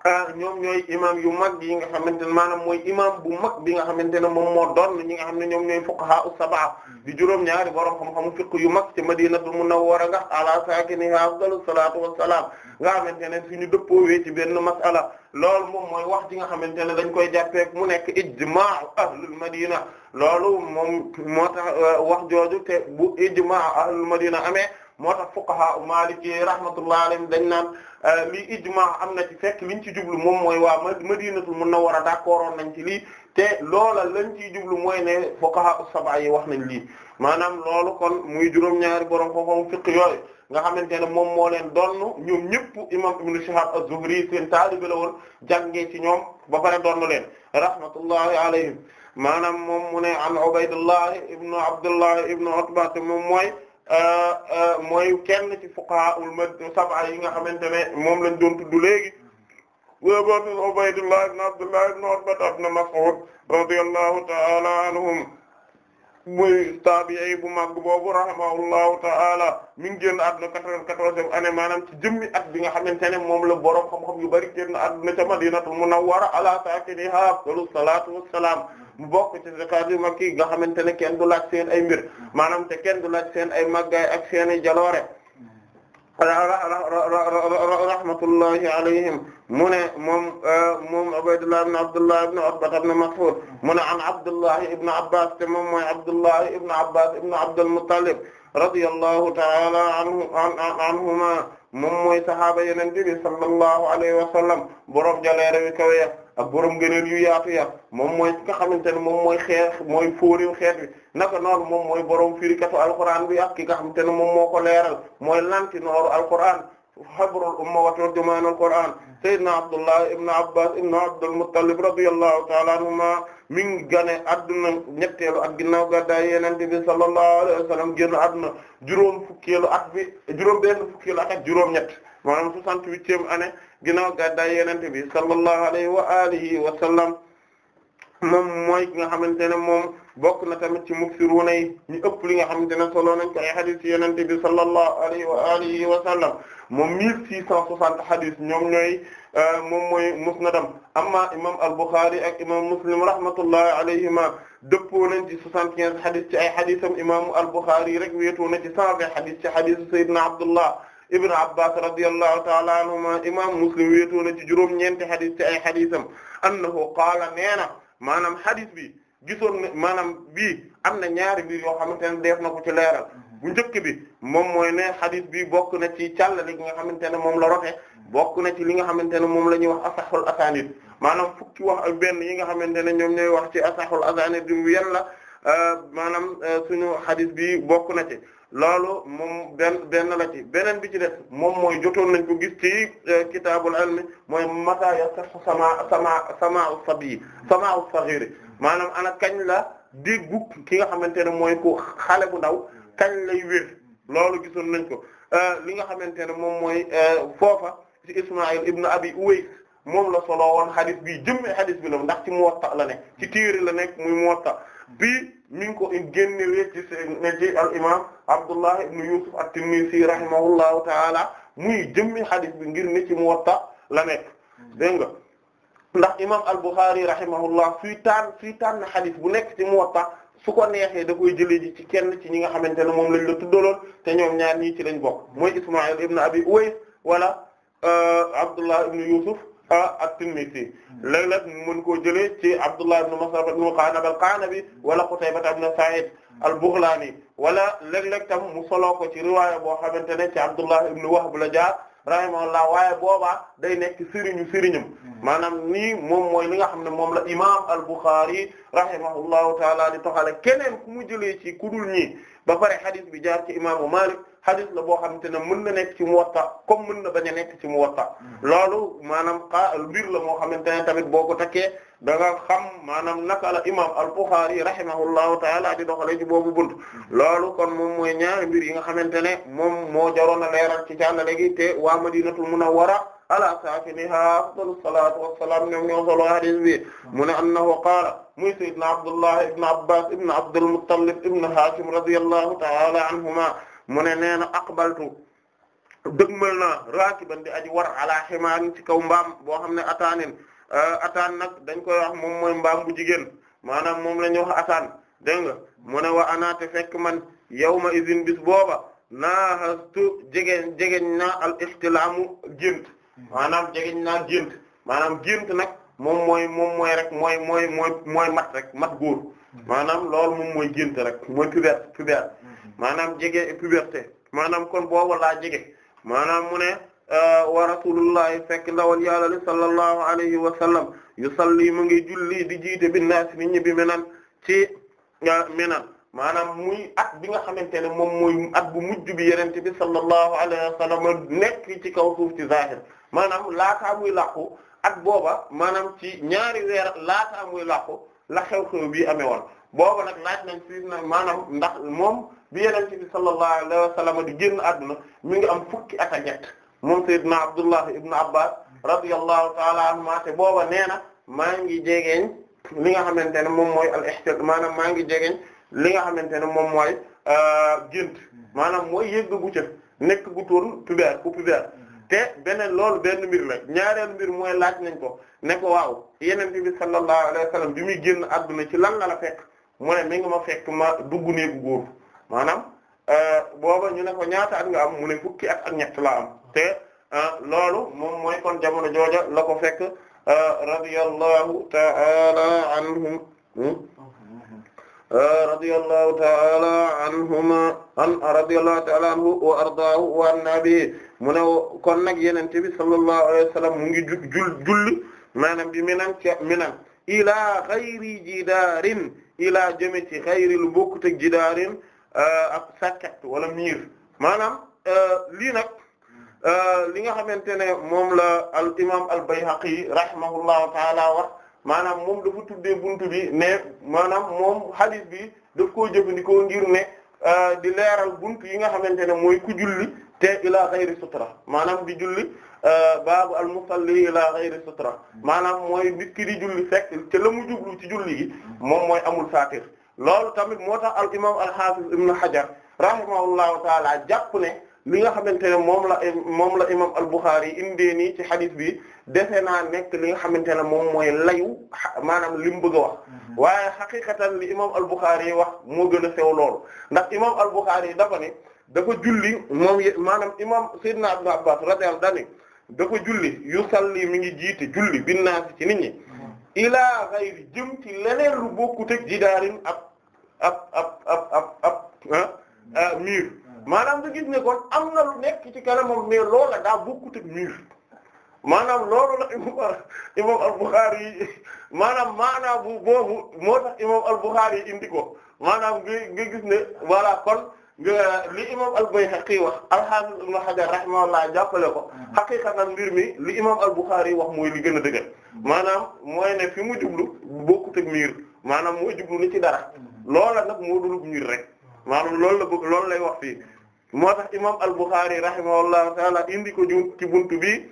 ah ñoom ñooy imam yu mag yi nga xamante ne maanaam mooy imam bu mag bi nga xamante ne moom moo doon ñi nga xam ne ñoom ñooy fuqaha as-sab'a di juróom-ñaari borom xam-xamu fiqh yu mag ci Madinatul Munawwara nga ala saakinihaa afdalu salaatu wassalaam nga xamante ne suñu dëppoowee ci benn mas'ala loolu moom mooy wax ji nga xamante ne dañ koy jàppee mu nekk ijmaa'u ahlul madina loolu moom moo tax euh, wax jooju te bu ijmaa'u ahlul madina amee moo tax fuqaha u maliki rahmatullahi alayhim dañ naan euh, lii ijma am na ci fekk liñ ci jublu moom mooy waa madinatul munawwara d'accordoon nañ ci lii te loola lañ ciy jublu mooy ne fuqaha saba yi wax nañ lii maanaam loolu kon muy juróom-ñaari borom ko fiq yooyu nga xamante ne moom moo leen donn ñoom ñëpp imam ibn Shihab az-Zuhri seen taalibe la ci ñoom ba pare donn leen rahmatullahi alayhim maanaam moom mu ne an Ubaydullah ibnu Abdullah ibnu Utba te moom mooy Euh, euh, mooy kenn ci fuqahaa'ul sab'a yi nga xamante ne moom lañ doon tudd léegi Ubaydullah ibn Abdullah ibn Utba ibn Mas'ud radiyallahu ta'ala anhum muy taabi'i bu mag boobu rahimahullahu ta'ala mi ngi génn àdduna quatre-vingt-quatorzième année maanaam ci jëmmi at bi nga xamante ne moom la borom xam-xam yu bari génn àdduna ca Madinatul Munawwara ala saakinihaa afdalu salaatu wassalaam mu bokk ci zakaat yu mag yi nga xamante ne kenn du laaj seen ay mbir maanaam te kenn du laaj seen ay màggaay ak seen i jaloore rahmatullahi alayhim mu ne moom euh, moom Ubaydullah ibn Abdullah ibn Utba ibn Mas'ud mu ne an Abdullah ibn Abbas te moom mooy Abdullah ibn Abbas ibn Abdul Muttalib radiyallahu ta'ala anhu anhuma moom mooy sahaaba yonent bi sallallahu alayhi wa sallam borom jaleere wi kawe ya ak borom gëneel yu yaatu ya moom mooy ki nga xamante ne moom mooy xeex mooy fóoriw xeet wi naka noonu moom mooy borom firikatu alquran bi ak ki nga xamante ne moom moo ko leeral mooy lanti nooru alquran habrul umma wa turjumaanul quran sayyidina abdullah ibn abbas ibn abdul muttalib radiyallahu ta'ala anhuma mi ngi gane adduna ñetteelu at ginnaaw gàddaay yenente bi sallallahu alayhi wa sallam génn adduna juróom fukkeelu at bi juróom benn fukkeelu at ak juróom ñett maanaam soixante-huitième année ginnaaw gàddaay yenente bi sallallahu alayhi wa alihi wa sallam moom mooy ki nga xamante ne moom bokk na tamit ci muksiruna yi ñu ëpp li nga xamante ne solo nañ ko ay xadis ci yenente bi alayhi wa alihi wa sallam moom mille six cent soixante xadis ñoom ñooy Euh, moom mooy musnadam amma imam al-Bukhari ak imam Muslim rahmatullahi alayhima dëppoo nañ ci soixante-quinze xadis ci ay xadisam imam al-Bukhari rek wéetoo na ci cent vingt xadis ci xadisu sayyidina Abdullah ibn Abbas radiyallahu ta'ala anhuma imam Muslim wéetoo na ci juróom-ñeenti xadis ci ay xadisam annahu qaala nee na maanaam xadis bi gisoon na maanaam bii am na ñaari mbir yoo xamante ne def na ko ci leeral bu njëkk bi moom mooy ne xadis bi bokk na ci càllale gi nga xamante ne moom la rote bokk na ci li nga xamante ne moom la ñuy wax asaxul asanid maanaam fukki wax ak benn yi nga xamante ne ñoom ñooy wax ci asaxul asanid bi yan la euh, maanaam euh, suñu xadis bi bokk na ci loolu moom benn benn la ci beneen bi ci def moom mooy jotoon nañ ko gis ci euh, kitaabul ilmi mooy mata yasah sama sama sama sabi sama saghir maanaam ana kañ la déggu ki nga xamante ne mooy ku xale bu ndaw kañ lay wér loolu gisoon nañ ko euh, li nga xamante ne moom mooy euh, foofa ci Ismaïl ibn Abi Uways moom la solo woon bi jëmmi hadith bi la ndax ci Muwatta la nekk ci téere la nekk muy Muwatta bi mi ngi ko génnewee ci ne ci al imam Abdullah ibn Yusuf at-Tinnisi rahimahullahu ta'ala muy jëmmi hadith bi ngir ne ci Muwatta la nekk dégg ndax imam al-Bukhari rahimahullah suy taan suy taan na hadith bu nekk ci Muwatta su ko neexee da koy jëlee ji ci kenn ci ñi nga xamante ne moom lañ la tuddaloon te ñoom ñaar ñii ci lañ bokk mooy Ismaïl ibn Abi Uways wala euh, Abdullah ibn Yusuf at-Tinnisi léeg-léeg mën koo jëlee ci Abdullah ibn Mas'ud ibn Qanab al-Qanabi wala Qutayba a Sa'id al-Baghlani wala léeg-léeg tam mu soloo ko ci riwaaya boo xamante ne ci Abdullah ibn Wahb la jaar rahimahullah waaye boobaa day nekk sëriñu sëriñam hmm. maanaam nii moom mooy li nga xam ne moom la imam al-Bukhari rahimahullahu taala di toxale keneen ku mu jëlee ci kudul ñi ba pare hadith bi jaar ci imaamu Malik hadith la boo xamante ne mën na nekk ci Muwatta comme mën na bañ a nekk ci Muwatta mm-hmm. loolu maanaam xaa mbir la moo xamante ne tamit boo ko takkee da nga xam maanaam naka la imam al-Bukhari rahimahullahu taala di doxalee ci boobu bunt mm-hmm. loolu kon moo mooy ñaari mbir yi nga xamante ne moom moo jaroon a ci càlla léegi te waa Madinatul Munawwara ala saakiniha afdalu salaatu wassalaam ñoom ñoo solo hadis bi mm-hmm. mu ne annahu qaala muy sayyidna Abdullah ibn Abbas ibn Abdul Muttalib ibn mu ne nee na aqbaltu dëgmal naa raakiban di aji war ala ximaarin ci kaw mbaam boo xam ne ataanin euh, ataan nag dañ koy wax moom mooy mbaam bu jigéen maanaam moom la ñuy wax ataan dégg nga mu ne wa anaate fekk man ma izin bis booba naahastu jegeñ jegeñ naa al ihtilaamu gént maanaam jegeñ naa gént maanaam gént nag moom mooy moom mooy rek mooy mooy mooy mooy mat rek mat góor maanaam loolu moom mooy gént rek mooy pubère pubère maanaam jege puberté maanaam kon boobu laa jege maanaam mu ne euh, wa rasulullahi fekk ndawal yàlla li sallallahu alayhi wa sallam yusalli mu ngi julli di jiite binnaasi nit ñi bi menan ci euh, menan maanaam muy at bi nga xamante ne moom muy at bu mujj bi yenente bi sallallahu alayhi wa sallam nekk ci kaw suuf ci zahir maanaam laataa muy laqu at booba maanaam ci ñaari weer laataa muy làqu la xew-xew bi amee woon booba nag laaj nañ si na ndax moom bi yenente bi sallallahu alayhi wa sallam di génn adduna mi ngi am fukki at ak ñett moom sayyidina Abdullah ibn Abbas radiyallahu ta'ala anhuma te booba nee na maa ngi jegeeñ li nga xamante ne moom mooy al ihtil maanaam maa ngi jegeeñ li nga xamante ne moom mooy euh, gént maanaam mooy yëgg gu nekk gu toon pubère ku pubère te beneen loolu benn mbir la ñaareelu mbir mooy laaj nañ ko ne ko waaw yenente bi sallallahu alayhi wa sallam bi muy génn àdduna ci lan la la fekk mu ne mi ngi ma fekk ma dugg néegu góor maanaam euh, booba ñu ne ko ñaata at nga am mu ne fukki at ak ñett la am te euh, loolu moom mooy kon jamono jooja la ko fekk euh, radiyallahu ta'ala anhum hmm? radiyallahu ta'ala anhu wa ardaahu wa annabi mu ne kon nag yenente bi sallallahu alayhi wa sallam mu ngi julli maanaam bi minan ci minan ila xayri jidaarin ila jëme ci xayril bokkut ak jidaarin Euh, ak sàkket wala miir maanaam euh, lii nag euh, li nga xamante ne moom la al imam al Bayhaqi rahimahullahu taala wax maanaam moom dafa tuddee buntu bi ne maanaam moom hadith bi daf koo jëfandikoo ngir ne di leeral buntu yi nga xamante ne mooy ku julli te ila ghayri sutra maanaam di julli baabu al musalli ila ghayri sutra maanaam mooy nit ki di julli fekk te la mu jublu ci julli gi moom mooy amul saatir loolu tamit moo tax al imam al-Hafiz ibn Hajar rahimahullahu taala jàpp ne li nga xamante ne moom la moom la imam al-Bukhari indee nii ci xadis bi defe naa nekk li nga xamante ne moom mooy layu maanaam li mu bëgg a wax mhm. waaye xaqiqatan li imam al-Bukhari yi wax moo gën a sew loolu ndax imam al-Bukhari yi dafa ne dafa julli moom yi maanaam imam Seydina Ibn Abbas radiyallahu anhu dafa julli yu salli mi ngi jiit julli binnaasi ci nit ñi mhm. ilaa ghayri jëm ci leneen lu bokkut ak jidaarin ab ab ab ab ab ah, ah, mur maanaam nga gis ne kon am na lu nekk ci kanamam mais loola daa bokkut ak mur maanaam loolu la imam imam al-Bukhari yi maanaam maanaam bu boobu moo tax imam al-Bukhari yi indi ko maanaam nga nga gis ne voilà kon nga li imam al-Bayhaqi wax al-Hafiz ibn Hajar rahimahullah jàppale ko mm-hmm. xaqiiqatan mbir mi li imam al-Bukhari yi wax mooy li gën a dëgër mm-hmm. maanaam mooy ne fi mu jublu bokkut ak mur maanaam mooy jublu ni ci dara mm-hmm. loola nag moo dul mbir rek maanaam loolu la bëgg loolu lay wax fii moo tax imam al-Bukhari rahimahullahu taala indi ko ñu ci buntu bi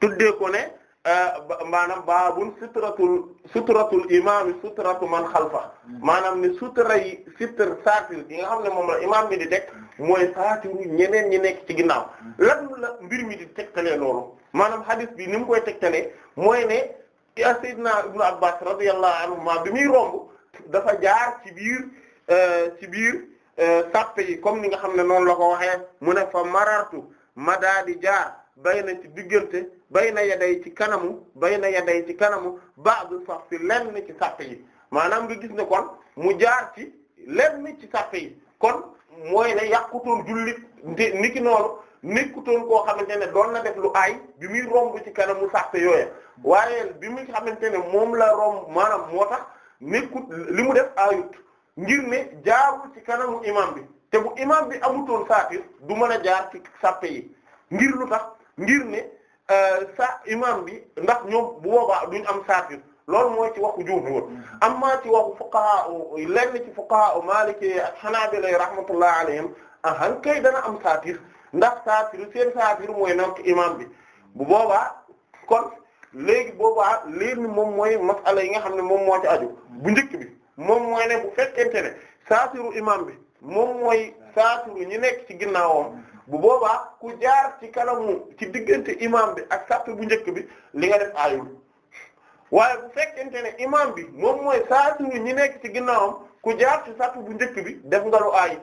tuddee ko ne euh, maanaam baabun sutratul sutratul imaam sutratu man xalfa maanaam ne sutra yi sutra saatir yi nga xam ne moom la imaam mi di teg mooy saatiru ñeneen ñi nekk ci ginnaaw lan la mbir mi di tegtalee loolu maanaam hadis bi ni mu koy tegtalee mooy ne sayyidina ibnu Abbaas radiyallahu anhuma bi muy romb dafa jaar ci biir euh, ci biir euh, sàppe yi comme ni nga xam ne noonu la ko waxee mu ne fa marartu ma daa di jaar bay na ci diggante bay na yaday ci kanamu bay na yaday ci kanamu ba'du sax fi lenn ci sàppe yi maanaam nga gis ne kon mu jaar ci lenn ci sàppe yi kon mooy ne yàqutoon jullit niki noonu nekkutoon koo xamante ne doon na def lu aay bi muy romb ci kanamu sàppe yooya waaye bi muy xamante ne moom la romb maanaam moo tax nekkut li mu def ayut ngir ne jaarul ci kanamu imam bi te bu imam bi amutoon saatir du mën a jaar ci sàppe yi ngir lu tax ngir ne euh, sa imam bi ndax ñoom bu boobaa duñ am saatir loolu mooy ci waxu jumhur amma ci waxu fuqaha lenn ci fuqaha maliki ak hanabila rahmatullah alayhim ahan kay dana am saatir ndax saatir seen saatir mooy nak imam bi bu boobaa léegi boobaa lii moom mooy masala yi nga xam ne moom moo ci aju bu njëkk bi moom mooy ne bu fekkente ne saatiru imam bi moom mooy saatiru ñi nekk ci ginnaawam bu boobaa ku jaar ci kanamu ci diggante imam bi ak sàpp bu njëkk bi li nga def aayul bu fekkente ne imam bi moom mooy saatiru ñi nekk ci ginnaawam ku jaar ci sàpp bu njëkk bi def nga lu aay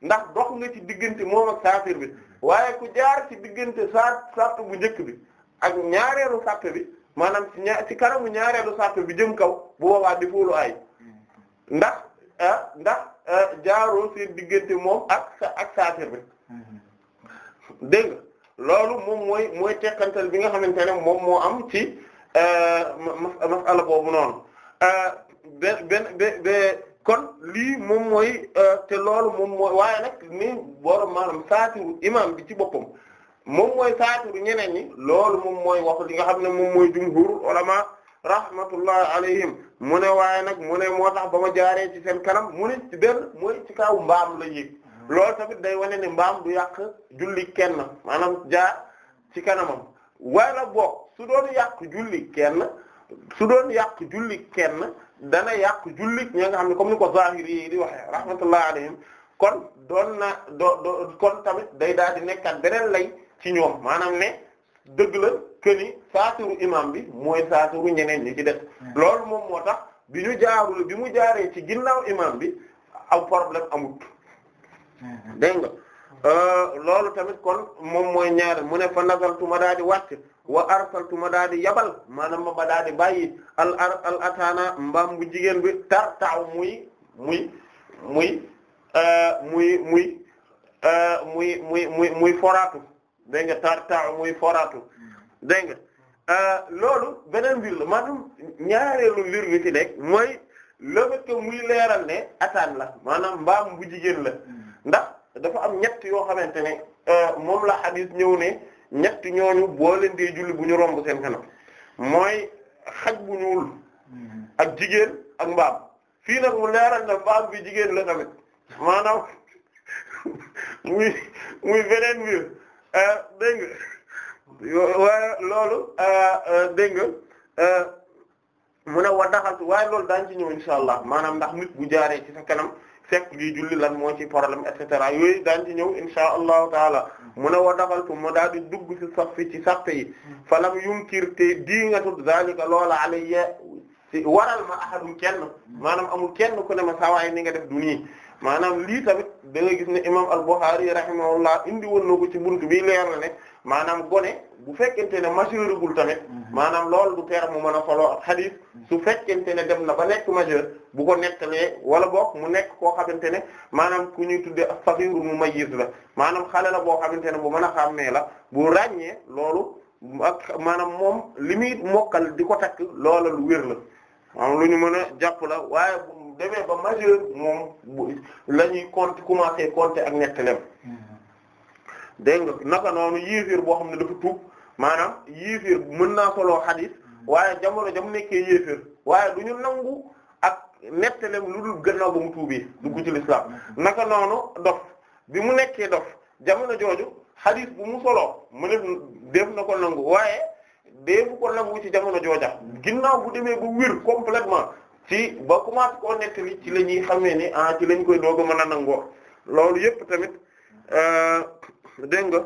ndax dox nga ci diggante moom ak saatir bi waaye ku jaar ci diggante saa sàpp bu njëkk bi ak ñaareelu sàpp bi maanaam ci ñaar ci kanamu ñaareelu sàpp bi jëm kaw bu boobaa di ay ndax ah, ndax ah, jaaroo seen diggante moom ak sa ak bi dégg nga loolu moom mooy mooy tekkantal bi nga xamante ne moom moo am ci ah, masala boobu noonu benn benn kon lii moom mooy te loolu moom mooy waaye nag ni borom maanaam saatiru imam bi ci boppam moom mooy saatiru ñeneen ñi loolu moom mooy wax li nga xam ne moom mooy jumhurul ulama rahmatullah alayhim mu ne waaye nag mu ne moo tax ba ma jaaree ci seen kanam mu ne ci benn mooy ci kaw mbaam la yéeg loolu tamit day wane ne mbaam du yàq julli kenn maanaam jaar ci kanamam wala boog su doon yàq julli kenn su doon yàq julli kenn dana yàq julli ñi nga xam ne comme ni ko zahiri yi di waxe rahmatullah alayhim kon doon na do do kon tamit day daal di nekkat beneen lay ci ñoom maanaam ne dëgg la que ni saatiru bi mooy saatiru ñeneen ñi ci def hmm. lool moom moo tax bi ñu jaarul bi mu jaaree ci ginnaaw imam bi am problème amut hmm. dégg nga euh, loolu tamit kon moom mooy ñaar mu ne fa nazartu ma daal di wàcc wa arsaltu ma daal di yabal maanaam ma ba daal di bàyyi al ar al ataana mbaam jigéen bi tar taaw muy muy muy euh, muy muy euh, muy muy muy muy foraatu dégg nga tar muy foraatu dégg nga euh, loolu beneen mbir la maanaam ñaareelu mbir mi ci nekk mooy le muy leeral ne ataan la maanaam mbaam bu jigéen la ndax dafa am ñett yoo xamante ne euh, moom la hadith ñëw ne ñett ñooñu boo leen dee julli bu ñu romb seen kanam mooy xaj bu ñuul ak jigéen ak mbaam fii nag mu leeral na mbaam bi jigéen la tamit maanaam muy muy beneen mbir. Euh, dégg nga waaye loolu euh, euh, dégg nga mu ne wa daxaltu waaye loolu daañu ci ñëw insha allah maanaam ndax nit bu jaaree ci sa kanam fekk lii julli lan moo ci problème et cetera yooyu daañu ci ñëw insha allahu taala mu ne wa daxaltu mu daal di dugg ci saf fi ci sàppe yi falam yunkir te diingatul zalika loola alayya ci waral ma ahadum kenn maanaam amul kenn ku ne ma saa waay ni nga def du nii lii tamit da ngay gis ne imam al-Bukhari rahimahullah indi woon na ko ci buntu bi leer na ne maanaam gone bu fekkente ne majeur gul tamit mhm. maanaam lool du teer mu mën a soloo ak xadis mhm. su fekkente ne dem na ba nekk majeur bu ko nettalee wala boog mu nekk koo xamante ne maanaam ku ñuy tuddee as-saghirul mumayyiz la maanaam xale la boo xamante ne bu mën a xàmmee la bu ràññee loolu ak maanaam moom li muy mokkal di ko takk loola lu wér la lu ñu mën a la waaye demee ba majeur moom lañuy ñuy compter commencer ak ñettelem dégg nga naka noonu yéeféer boo xam ne dafa tuub maanaam yéeféer mën naa soloo xadis waaye jamono jam nekkee waaye du ñu nangu ak ñettelem lu dul gannaaw ba mu tuubee dugg ci naka noonu dof bi mu nekkee dof jamono jooju xadis bu mu soloo mu na ko nangu waaye dee bu ko nangu ci jamono jooja ginnaaw bu demee bu wér complètement si ba commencé koo nettali ci la ñuy xamee ni ah ci lañ koy doog a mën a nangoo loolu yëpp tamit euh, dégg nga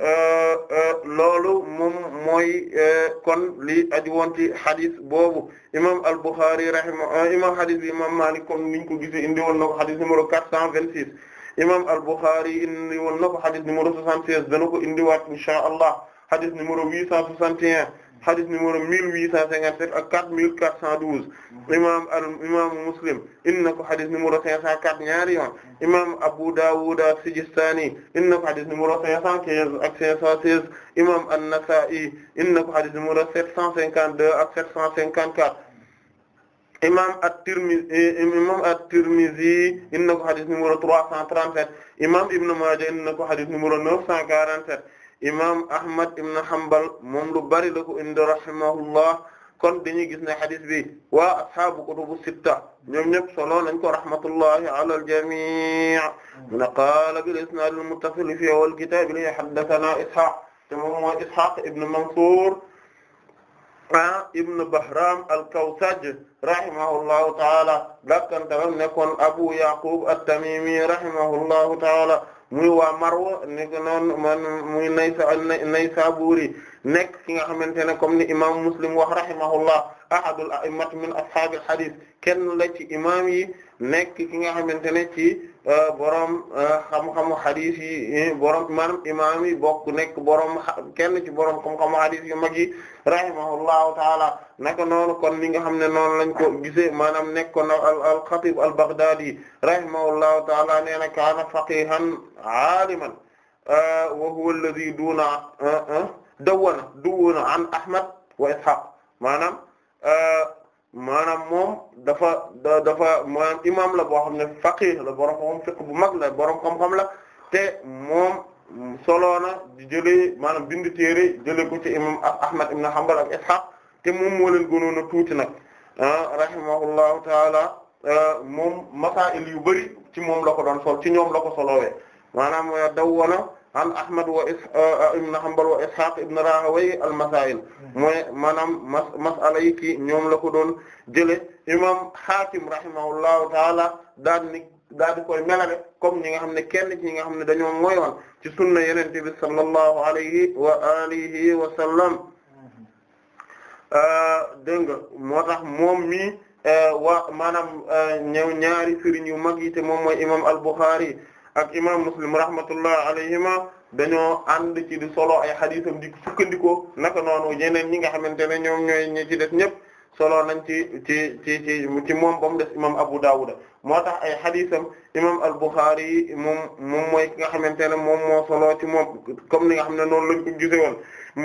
euh, euh, loolu moom mooy kon li aju woon ci hadith boobu imam al-Bukhari rahima imam hadith bi imam Malik kon niñ ko gisee indi woon na ko hadith numéro 426 imam al-Bukhari indi woon na ko hadith numéro 76 dana ko indiwaat insha Allah hadith numéro 861 hadith numéro 1857 ak 4412 imam al imam Muslim indi na ko hadith numéro 504 ñaari yoon imam Abu Dawud as-Sijistani indi na ko hadith numéro 515 ak 516 imam an-Nasa'i indi na ko hadith numéro 752 ak 754 imam at-Tirmidhi imam at-Tirmidhi indi na ko hadith numéro 337 imam Ibn Majah indi na ko hadith numéro 947 imam Ahmad ibn Hanbal moom lu bari la ko indi rahimahullah kon dañuy gis ne hadis bi waa ashaabu kutubu sitta ñoom ñëpp solo nañ ko rahmatullahi ala al-jamii' mu ne qaala bil isnaad al-muttasil fi awwal kitaab li haddathanaa Ishaaq te moom mooy Ishaaq ibn Mansuur ah ibn Bahraam al-Kawsaj rahimahullahu ta'ala dakkantalam nekkoon Abu Yaqub at-Tamimi rahimahullahu ta'ala muy waa Marwa nekk noonu man muy Naysa Naysaburi nekk ki nga xamante ne comme ni imam Muslim wax rahimahullah ahadul a'immat min ashabil hadith kenn la ci imam yi nekk ki nga xamante ne ci borom eh, xam-xamu hadith yi eh, borom maanaam imaam bokk nekk borom kenn ci borom xam-xamu hadith yu mag yi taala naka noonu kon li nga xam ne noonu lañ ko gisee maanaam nekkoon al al Khatib al Baghdadi rahimahullahu taala nee na kaana faqihan aaliman eh, wa huwa alladhi duuna dawwana duuna an Ahmad wa Ishaq maanaam maanaam moom. dafa dafa maanaam imam la boo xam ne faqih la borom xam fiqh bu mag la borom xam-xam la te moom solo na di jële maanaam bind téere jëlee ko ci imam Ahmad ibn Hanbal ak Ishaq te moom moo leen gënoon tuuti nag ah, rahimahullahu taala ah, moom masaa'il yu bari ci moom la ko doon sol ci ñoom la ko solowee maanaam ah, dawwana an Ahmad wa uh, uh, ibn Hanbal wa Ishaq ibn Rahawayh al-masaa'il mooy maanaam mas masala yi kii ñoom la ko doon jëlee imam Hakim rahimahullahu taala daan ni daal di koy melale comme ñi nga xam ne kenn ci ñi nga xam ne dañoo moyoon ci sunna Yonent bi sallallahu alayhi wa alihi wa sallam mm-hmm. uh, dégg nga moo tax moom mii waa maanaam ñëw ñaari firiñ yu mag yi te moom mooy imam al-Bukhari ak imam Muslim rahmatullah alayhima dañoo ànd ci di solo ay xadiisam di sukkandikoo naka noonu ñeneen ñi nga xamante ne ñoom ñooy ñi ci des ñëpp solo nañ ci ci ci ci ci moom ba mu des imam Abu Dawud moo tax ay xadiisam imam al-Bukhari moom moom mooy ki nga xamante ne moom moo solo ci moom comme ni nga xam ne noonu lañ ko woon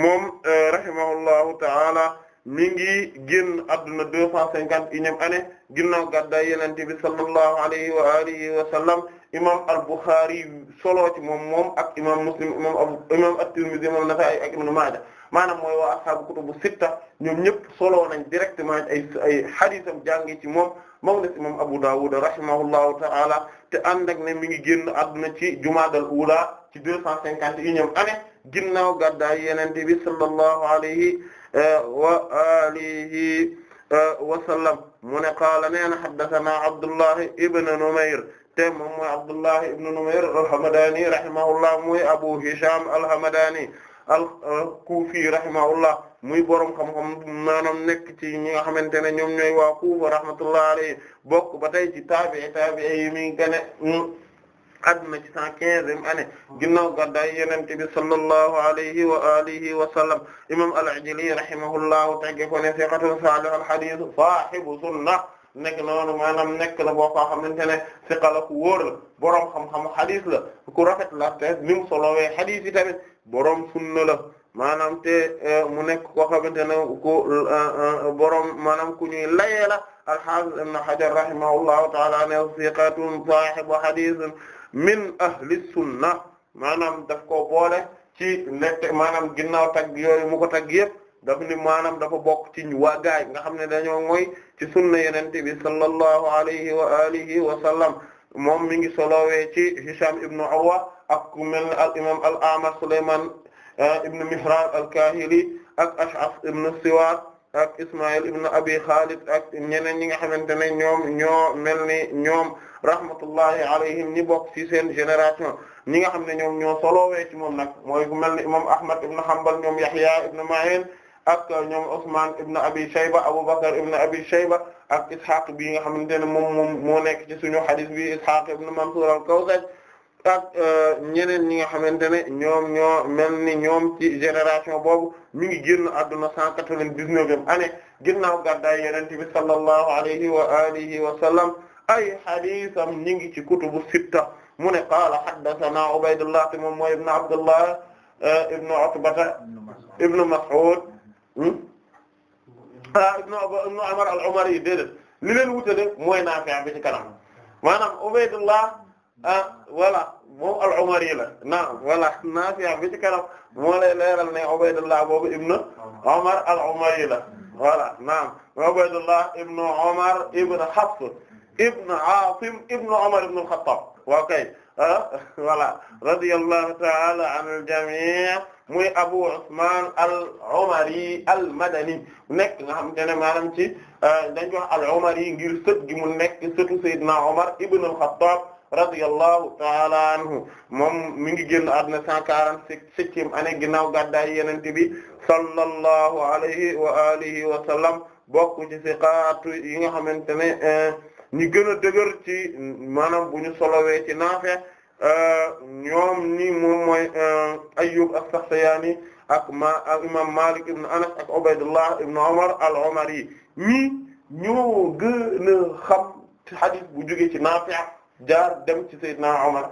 moom euh, rahimahullahu ta'ala mi ngi génn adduna deux cent cinquante unième année ginnaaw gàddaay yonent bi sallallahu alayhi wa alihi wa sallam imam al-Bukhari solo ci moom moom ak imam Muslim imam abu imam at-Tirmidhi imam Nasa'i ak Ibn maanaam mooy waa ashaabu kutubu sitta ñoom ñëpp solo nañ directement ay ay hadisam jàngi ci moom moom des imam Abu Dawud rahimahullahu ta'ala te ànd ak ne mi ngi génn adduna ci jumaadal ula ci deux cent cinquante unième année ginnaaw gàddaay yonent bi sallallahu alayhi wa alihi wa sallam mu ne qaala neena haddathana Abdullahi Ibn Numayr te moom mooy Abdullahi Ibn Numayr al-Hamadani rahimahullah muy Abu Hisham al-Hamadani al-Kufi rahimahullah muy borom xam-xam maanaam nekk ci ñi nga xamante ne ñoom ñooy waa Kufa rahmatullah alayhi bokk ba tey ci taabi'i taabi'i yi mi ngi adduna ci cent quinzième année ginnaaw gàddaay yenente bi sallallahu alayhi wa alihi wa sallam imam al-Ijli rahimahullahu tegge ko ne siqatun salih al-hadith sahibu sunna nekk noonu maanaam nekk la boo ko xamante la ku wóor la boroom xam-xam hadith la ku rafet la te ni mu solowee hadith yi sunna la maanaam te e, mu nekk koo xamante ne ku e, e, maanaam ku ñuy layee la al-Hafiz ibn Hajar rahimahullahu ta'ala ne siqatun sahibu hadith min ahli sunna maanaam daf ko boole ci nekk maanaam ginnaaw tagg yooyu mu ko tagg yëpp daf ni maanaam dafa bokk ci waa gaay nga xam ne dañoo mooy ci sunna yenente bi sallallahu alayhi wa alihi wa moom mi ngi solowee ci Hisham ibnu Urwa ak ku mel ne al imam al A'mash Sulayman eh, ibnu Mihraan al-Kaahili ak Ash'ath ibnu Siwaat ak Ismaïl ibnu Abi Khalid ak ñeneen ñi nga xamante ne ñoom ñoo mel ni ñoom rahmatullahi alayhim ni bokk ci seen génération ñi nga xam ne ñoom ñoo soloowee ci moom nag mooy ku mel ne imam Ahmad ibn Hanbal ñoom Yahya ibn Ma'in ak ñoom Usman ibn Abi Shayba Abu Bakr ibn Abi Shayba ak Ishaq bi nga xamante ne moom moom moo nekk ci suñu hadith bi Ishaq ibn Mansur al-Kawsaj ak euh, ñeneen ñi nga xamante ne ñoom ñoo mel ni ñoom ci génération boobu mi ngi génn àdduna cent quatre-vingt-dix-neuvième année ginnaaw gàddaay yenen bi sallallahu alayhi wa alihi wa ay xadisam ñi ngi ci kutubu sitta mu ne qaala haddathana Ubaydullah te moom mooy ibnu Abdullah eh, ibnu Utbata ibnu Mas'ud ibnu hmm? ah, ibnu Umar al-Umari yi déedéet li leen wutale mooy Naafi' bi ci kanam maanaam Ubaydullah ah voilà moom al-Umari la na voilà Naafi' bi ci kanam moo lay leeral ne Ubaydullah boobu ibnu Umar al-Umari la voilà naam Ubaydullah ibnu Umar ibnu Hafs ibn Aasim ibn Umar ibn al-Khattab waaw kay ah, voilà radiyallahu ta'ala anil jami' muy Abu Usman al-Umari al nekk nga xamante ne maanaam ci ah, dañu wax al-Umari ngir sët gi mu nekk sëtu Seydina Umar ibn al-Khattab radiyallahu ta'ala anhu moom mi ngi génn àdduna cent quarante-septième année ginnaaw gàddaay Yonent bi sallallahu alayhi wa alihi wa sallam bokk yi nga xamante ne eh, ñi gën a dëgër ci maanaam bu ñu solowee ci Naafi euh, ñoom ñi moom mooy euh, Ayyub as-Saxtiyaani ak imam Malik Anas ak Ubaydullah ibn Umar al-Umari ñii ñoo gën a xam ci hadith bu jógee ci Naafi jaar dem ci Seydina Umar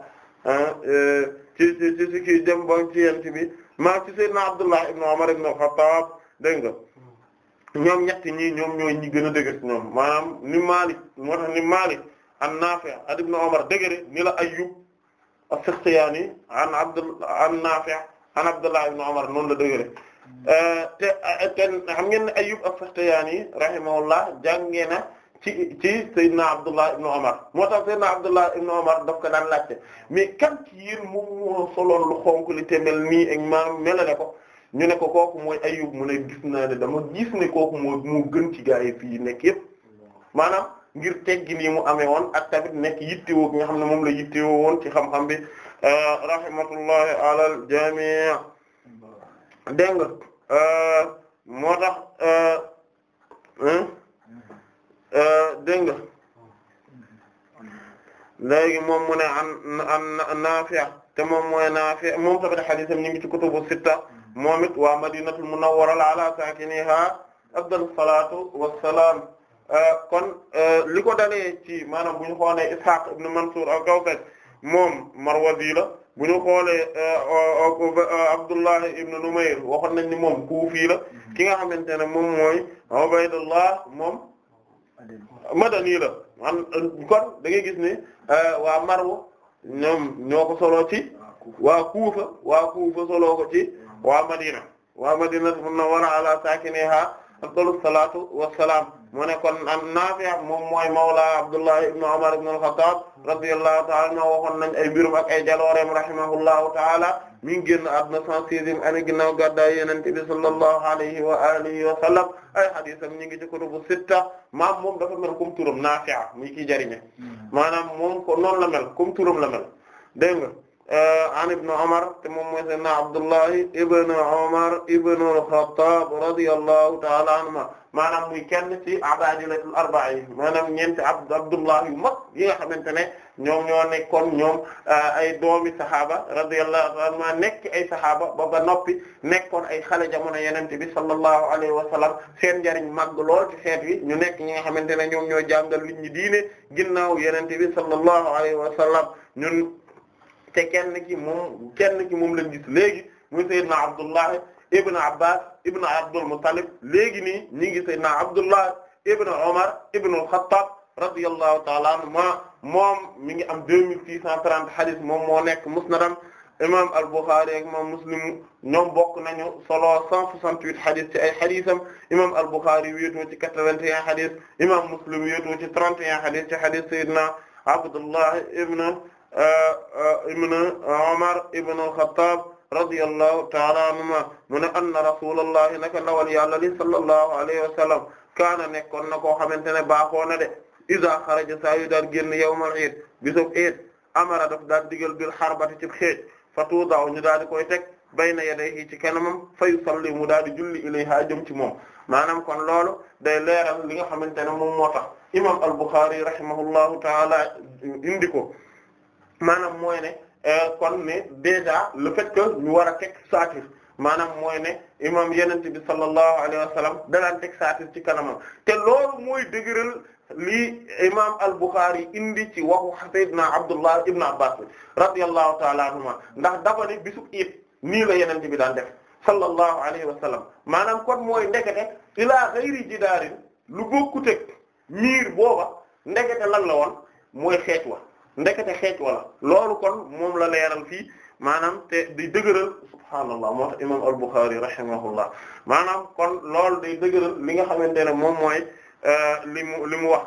euh, ci ci dem ba ci bi maa ci Seydina Abdullah ibn Umar ibn al-Khattab dégg ñoom ñett ñi ñoom ñooy ñi gën a dëgër ñoom maanaam ni Maalik moo tax ni Maalik an Naafi' an Ibn Umar dëgëre ni la Ayyub as-Saxtiyaani an Abd an Naafi' an Abdullah ibn Umar noonu la dëgëre te te xam ngeen ne Ayyub as-Saxtiyaani rahimahullah jàngee na ci ci Seydina Abdullah ibn Umar moo tax Seydina Abdullah ibn Umar daf ko daan laajte mais kan ci mu moom moo soloon lu xonk li te mel nii ak maanaam melale ko. ñu ne ko kooku mooy Ayyub mu ne gis naa ne dama gis ne kooku moo moo gën ci gaa yi fii nekk yëpp maanaam ngir teggi nii mu amee woon ak tamit nekk yittewoo gi nga xam ne moom la yittewoo woon ci xam-xam bi euh, rahmatullahi ala al jami' dégg nga euh, moo tax euh, dégg nga léegi moom mu ne an an Naafi' te moom mooy Naafi' moom tamit hadiisam ñu ngi ci kutubu sitta moom it waa madinatul munawwara ala saakiniha afdalu salaatu wassalaam euh, kon euh, li ko dalee ci maanaam bu ñu xoolee Ishaq ibn Mansur al-Kawsaj moom Marwazi la bu ñu xoolee euh, Abdullah ibn Numayr waxoon nañ ni moom Kufi la ki nga xamante ne moom mooy Ubaydullah moom Madani la kon da ngay gis ne waa Marwa ñoom ñoo ko solo ci waa Kufa waa Kufa solo ko ci waa Madina waa Madina munawwara ala sakiniha afdalu salaatu wa salaam mu ne kon Naafi' moom mooy mawla Abdullah ibn Umar ibn al-Khattab radiyallahu ta'ala anhu waxoon nañ ay mbirum ak ay jalooreem rahimahullahu ta'ala mi ngi génn àdduna 106e année ginnaaw gàddaay Yonent bi sallallahu alayhi wa alihi wa sallam ay hadiisam ñu ngi ci kutubu sitta maam moom dafa mel comme turam Naafi' muy kii jariñe hmm. maanaam moom ko noonu la mel comme turam la mel dégg nga an ibn Umar te moom mooy sayyidina Abdullahi ibn Umar ibn al-Khattab radiyallahu ta'ala anhuma maanaam muy kenn ci abaadilatul arba'a yi maanaam ñeenti ab Abdullah yu mag yi nga xamante ne ñoom ñoo nekkoon ñoom ay doomi saxaaba radiyallahu anhuma nekk ay saxaaba ba ba noppi nekkoon ay xale jamono Yonent bi sallallahu alayhi wa sallam seen njariñ màgg lool ci xeet wi ñu nekk ñi nga xamante ne ñoom ñoo jàngal nit ñi diine ginnaaw Yonent bi sallallahu alayhi wa sallam ñun. te kenn ki moom kenn ki moom lañ gis léegi muy Seydina Abdullah ibn Abbas ibn Abdul Muttalib léegi nii ñu ngi Seydina Abdullah ibn Umar ibn al-Khattab radiyallahu ta'ala anhuma moom mi ngi am deux mille six cent trente hadith moom moo nekk musnadam imam al-Bukhari ak imam Muslim ñoom bokk nañu solo 168 hadith ci ay haditham imam al-Bukhari wéetoo ci 81 hadith imam Muslim wéetoo ci 31 hadith ci hadith Seydina Abdullah ibn ibn Umar ibn al-Khattab radiyallahu ta'ala anhuma mu ne anna rasulullahi naka ndawal yàlla li sallallahu alayhi wa sallam kaana nekkoon na xamante ne baaxoo na de iza xaraja saa yu daan génn yawmal iid bisub iid amara daf daan digal bil xarbati ci xeej fa tuudaw ñu daal di koy teg bayna yadayhi ci kanamam fa yusalli mu daal di julli ilayha jëm ci moom maanaam kon lool day leeral li nga xamante ne moom moo tax imam al-Bukhari rahimahullahu ta'ala indi ko maanaam mooy ne euh, kon ne déjà le fait que ñu war a teg saatir maanaam mooy ne imam yenente bi sallallahu alayhi wa sallam danaan teg saatir ci kanamam te loolu mooy dëgëral lii imam al-Bukhari indi ci waxu sayyidina Abdullah ibn Abbas radiyallahu ta'ala anhuma ndax dafa ne bisu iid nii la yenente bi daan def sallallahu alayhi wa sallam maanaam kon mooy ndekete ilaa ghayri jidaarin lu bokkuteg miir booba ndekete lan la woon mooy xeet wa ndekete xeec wala loolu kon moom la leeral fii maanaam te di dëgëral subhaanallah moo tax imam al-Bukhari rahimahullah maanaam kon loolu day dëgëral li nga xamante ne moom mooy euh, li mu li mu wax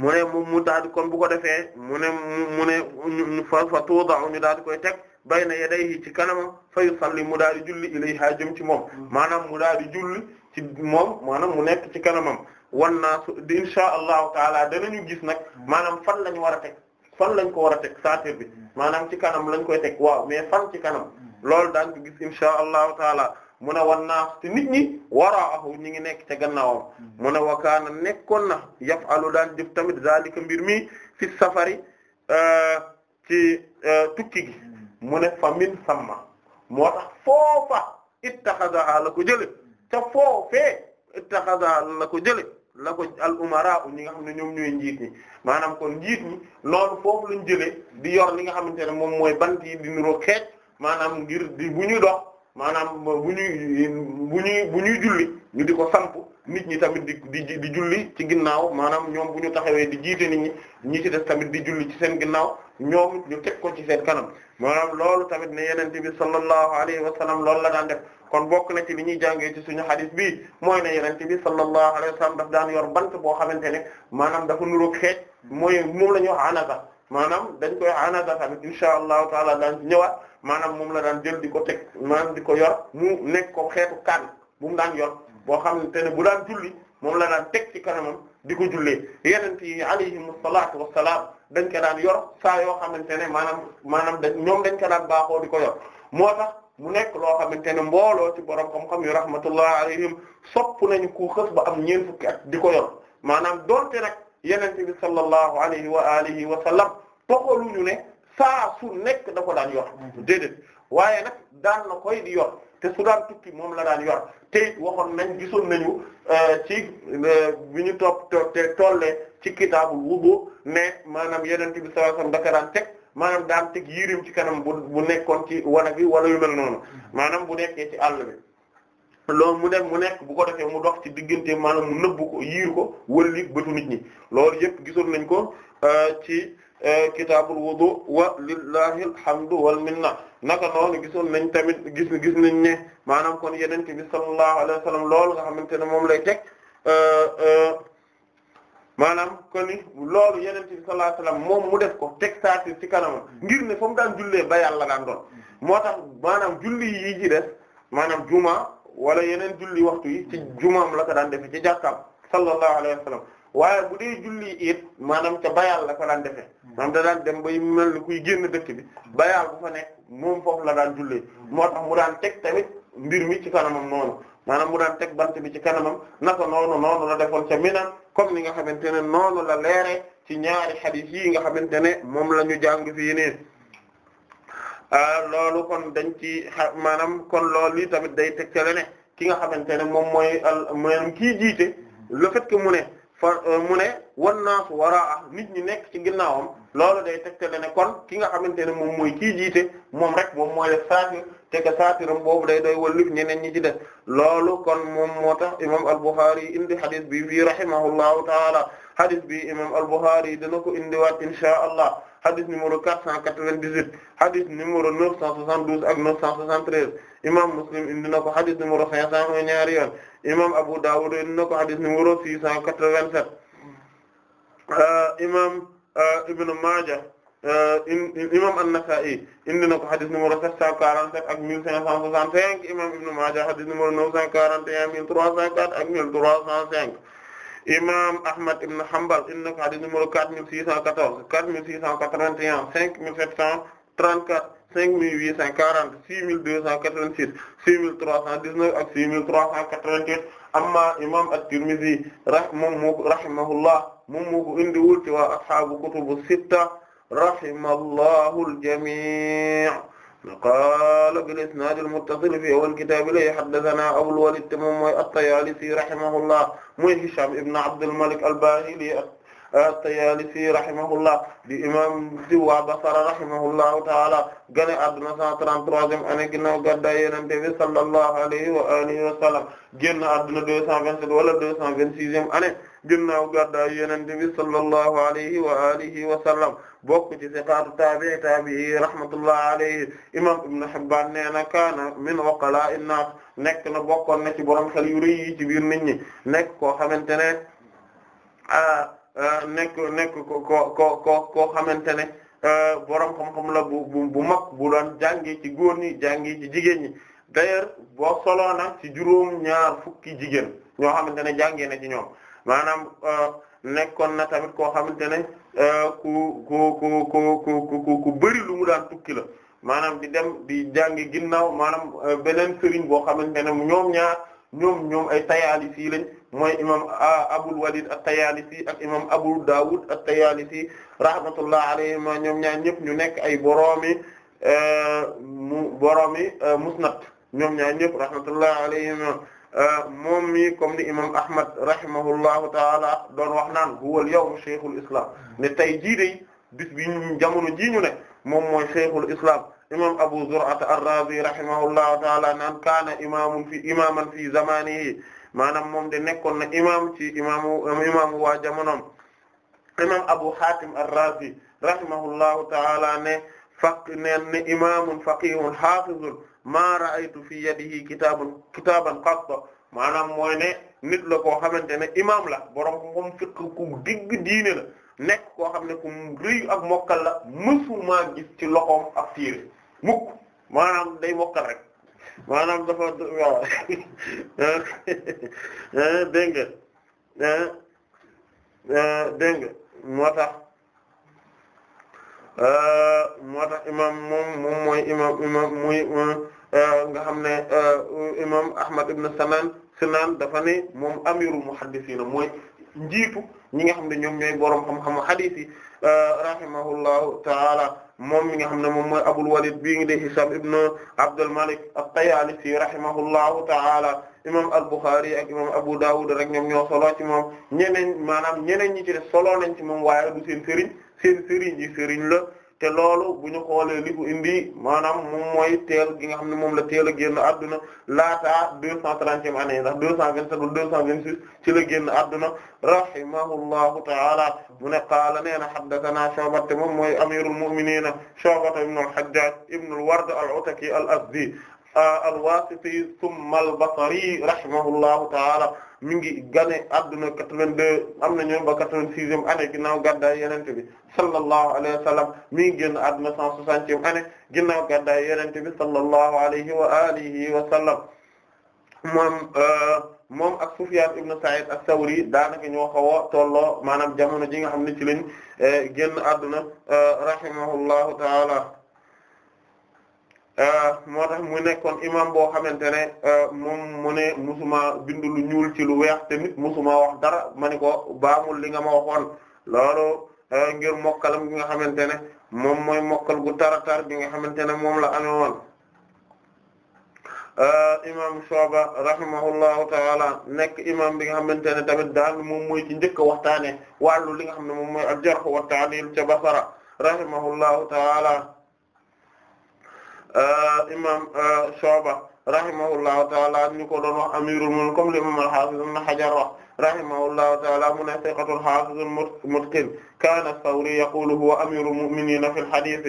mu ne mu mu daal di kon bu ko defee mu ne mu ne ñu fa fa tuuda ñu daal di koy teg bayna yadayhi ci kanamam fa yusalli mu daal di julli ilayha jëm ci moom mm. maanaam mu daal di julli ci moom maanaam mu nekk ci kanamam wan naa su insha allahu taala ñu gis nag maanaam fan lañ war a teg fan lañ ko war a teg saatir bi maanaam ci kanam lañ koy teg waaw mais fan ci kanam loolu daañ ko gis insha allahu taala mu ne wan naa te nit ñi waraahu ñi ngi nekk ca gannaawam mu ne wakaana nekkoon na yafalu daal jëf tamit zalika mbir mi fi safari euh, ci euh, tukki gi mu ne fa samma moo tax foofa ittaxadaa la ko jële ca foofee ittaxadaa la ko jële la ko al umara ñi nga xam ne ñoom ñooy njiit ñi maanaam kon njiit ñi loolu foofu lañ jëlee di yor li nga xamante ne moom mooy bant yi di niroo xeec maanaam ngir di bu ñuy dox maanaam bu ñuy bu ñuy bu ñuy julli ñu di ko samp nit ñi tamit di di di julli ci ginnaaw maanaam ñoom bu ñu taxawee di jiite nit ñi ñi ci def tamit di julli ci seen ginnaaw ñoom ñu teg ci seen kanam maanaam loolu tamit ne yenente bi sallallahu alayhi wa sallam loolu la daan def kon bokk na ci li ñuy jàngee ci suñu xadis bi mooy ne yenente bi sallallahu alayhi wa sallam daf daan yor bant boo xamante ne maanaam dafa nuroog xeej mooy moom la ñuy wax anaka maanaam dañ koy anaka tamit insha allahu taala ñëwaat maanaam moom la daan jël di ko teg maanaam di ko yor mu nekk ko xeetu kaan bu mu daan yor boo xamante ne bu daan julli moom la daan teg ci kanamam di ko jullee yeneen yi alayhimu salaatu wassalaam dañ ko daan yor saa yoo xamante ne maanaam maanaam dañ ñoom dañ ko daan baaxoo di ko yor moo tax mu nekk loo xamante ne mbooloo ci borom xam-xam yu rahmatullah alayhim sopp nañu ku xës ba am ñeent fukki at di ko yor maanaam donte nag yeneen bi sallallahu alayhi wa alihi wa sallam toxaluñu ne. saa su nekk da ko daan yor mhm. déedéet waaye nag daan na koy di yor te su daan tukki moom la daan yor te it waxoon nañ gisoon nañu euh, ci euh, bi ñu topp te tollee ci kitaabul wudu ne maanaam yeneen bi sallallahu alayhi daan teg maanaam daan teg yirim ci kanam bu bu nekkoon ci wanag bi wala yu mel noonu mhm. maanaam bu nekkee ci àll bi loolu mu dem mu nekk bu ko defee mu dox ci diggante maanaam mu nëbbu ko yiir ko wëlli bëtu nit ñi loolu yëpp gisoon nañ ko euh, ci kitaabul wudu wa lillahi alhamdu wal minna naka noonu gisoon nañ tamit gis gis nañ ne maanaam kon yonent bi sallallahu alayhi wa sallam loolu nga xamante ne moom lay teg euh, euh, maanaam kon ni loolu yonent bi sallallahu alayhi moom mu def ko teg saa ci kanamam ngir ne fa mu daan jullee ba yàlla daan doon moo tax maanaam julli yi ci des maanaam juma wala yeneen julli waxtu yi ci jumaam la ko daan defee ci jàkkaam sallallahu alayhi wa waaye bu dee julli it maanaam ca bayal la fa daan defee maanaam da daan dem bay mel ni kuy génn dëkk bi bayaal bu fa ne moom foofu la daan jullee moo tax mu daan teg tamit mbir mi ci kanamam noonu maanaam mu daan teg bant bi ci kanam naka noonu noonu la defoon ca Mina comme ni nga xamante ne noonu la leere ci ñaari xadiis i nga xamante ne moom la ñu jàng fi nii ah, loolu kon dañ ci maanaam kon loolu lii tamit day tegtale ne ki nga xamante ne moom mooy al maanaam kii jiite le fait mu ne. mu ne wan naasu waraa ah nit ñi nekk ci ginnaawam loolu day tegtale ne kon ki nga xamante ne moom mooy kii jiite moom rek moom mooy def saatir te ka saatiram boobu day doy wallif ñeneen ñi ci def loolu kon moom moo tax imam al-Bukhari yi indi hadith bi fii rahimahullahu taala hadith bi imam al-Bukhari yi dina ko indiwaat inshaa allah hadith numéro 498 hadith numéro 972 ak 973 imam Muslim indi na ko hadith numéro 500 ñaari yoon imam Abu Dawud indi na ko hadith numéro 687 imam euh, Ibn Majah euh, imam An-Nasa'i indi na ko hadith numéro 747 ak 1565 imam Ibn Majah hadith numéro 941 1304 ak 1305 imam Ahmad ibn Hanbal indi na ko hadith numéro 4614 4681 5734 5840 6286 6319 ak 6388 amma imam at-Tirmidhi rahimahullah moom moo ko indiwul ci waa ashaabu kutubu sitta rahimahullahu al-jami' qaala bil-isnaad al-muttasil fii awwal kitaab ilayhi haddathanaa Abul Waliid te moom mooy at-Tayaalisi rahimahullah mooy Hishaam ibn Abdul Malik al-Baahili at-Tayaalisi rahimahullah di imam di waa Basra rahimahullahu ta'ala gane adduna 133e année ginnaaw gàddaay Yonent bi sallallahu alayhi wa alihi wa sallam génn adduna 227 wala 226e année ginnaaw gàddaay Yonent bi sallallahu alayhi wa alihi wa sallam bokk ci siqaatu taabi'i rahmatullahi alayhi imam Ibn Hibbaan nee na kaana min uqalaa'i an nekk na bokkoon na ci borom xel yu ci biir nit ñi nekk koo xamante ne nekk nekk ko ko koo xamante ne borom xam-xam la bu bu bu mag bu doon jàngi ci góor ñi ci jigéen ñi d'ailleurs boo solo ci juróom ñaar fukki jigéen ñoo xamante ne jàngee ci ñoom maanaam euh, nekkoon na tamit koo xamante ne euh, ku ku ku ku ku ku lu mu daan tukki la maanaam di dem di jàngi ginnaaw maanaam euh, beneen sëriñ boo xamante ne ñoom ñaar ñoom ñoom ay Tayaalisi lañ mooy imam Abul Walid at-Tayaalisi ak imam Abu Dawud at-Tayaalisi rahmatullah alayhima ñoom ñaar ñëpp ñu nekk ay boroomi mu boroomi musnad ñoom ñaar ñëpp rahmatullah alayhima moom mi comme ni imam ahmad rahimahullahu taala doon wax naan huwal yawm cheikhul islam ne tey jii day bis bi jamono jii ñu ne moom mooy cheikhul islam imam abu zur'ata ar-razi rahimahullahu taala naan kaana imamun imaman fi zamanihi maanaam moom de nekkoon na imam ci imamu imamu waa jamonoom imam abu hatim ar-razi rahimahullahu taala ne faq neen ne imamun faqihun hafizun ma ra'aytu fi yadihi kitaabun kitaaban qatta maanaam mooy ne nit la koo xamante ne imam la borom moom fiq ku digg diine nekk koo xam ne ku rëyu ak mokkal la mësuma gis ci loxoom ak tiire mukk maanaam day mokkal rek maanaam dafa waaw eh, dégg nga eh, eh, dégg moo tax moo tax imam moom moom mooy imam imam muy uh, nga xam ne uh, imam Ahmad ibn Sanan Sinan dafa ne moom amirul muhaddisiina mooy njiitu ñi nga xam ne ñoom ñooy borom xam-xamu hadith yi uh, rahimahullahu taala moom mi nga xam ne moom mooy Abul Walid bii ngi de Hishaam ibn Abdul Malik at-Tayaalisi rahimahullahu taala imam al-Bukhari ak imam Abu Dawud rek ñoom ñoo solo ci moom ñeneen maanaam ñeneen ñi ci def solo nañ ci moom waaye du seen sëriñ seen sëriñ yi sëriñ la te loolu bu ñu xoolee li ko indi maanaam moom mooy teel gi nga xam ne moom la teel a génn adduna laataa deux cent trentième année ndax deux cent vingt-sept wala deux ci la génn adduna rahimahullahu ta'ala bu ne qaala nee na haddathana Shu'ba moom mooy amirul mu'minin Shu'ba ibn al-Hajjaj ibn al-Ward al-Ataki al-Azdi al-Wasiti thumma al-Basri rahimahullahu ta'ala mi ngi gane adduna 82 am na ñoom ba 86e année ginnaaw gàddaay Yonent bi sallallahu alayhi wa sallam mi ngi génn adduna 160e année ginnaaw gàddaay Yonent bi sallallahu alayhi wa alihi wa sallam moom euh, moom ak Sufyan ibn Sa'id as-Sawri daanaka ñoo xaw a tolloo maanaam jamono ji nga xam ni ci lañ euh, génn adduna euh, rahimahullahu ta'ala Euh, moo tax mu nekkoon imam boo xamante ne euh, moom mu ne musuma bindu lu ñuul ci lu weex tamit musuma wax dara ma ni ko baamul li nga ma waxoon loolu euh, ngir mokkalam gi nga xamante ne moom mooy mokkal gu taratar bi nga xamante ne moom la amee woon imam Shu'ba rahimahullahu taala nekk imam bi nga xamante ne tamit daal moom moy ci njëkk a waxtaane wàllu li nga xam ne moom moy al-jarh wa ta'dil ca Basra rahimahullahu taala Euh, imam euh, Shu'ba rahimahullahu taala ñu ko doon wax amirul mu'minin comme l'imam al-Hafiz Ibn Hajar wax rahimahullahu taala mu ne thiqatun hafizun mutqin kana Thawri yaqulu huwa amirul mu'minin fi al-hadith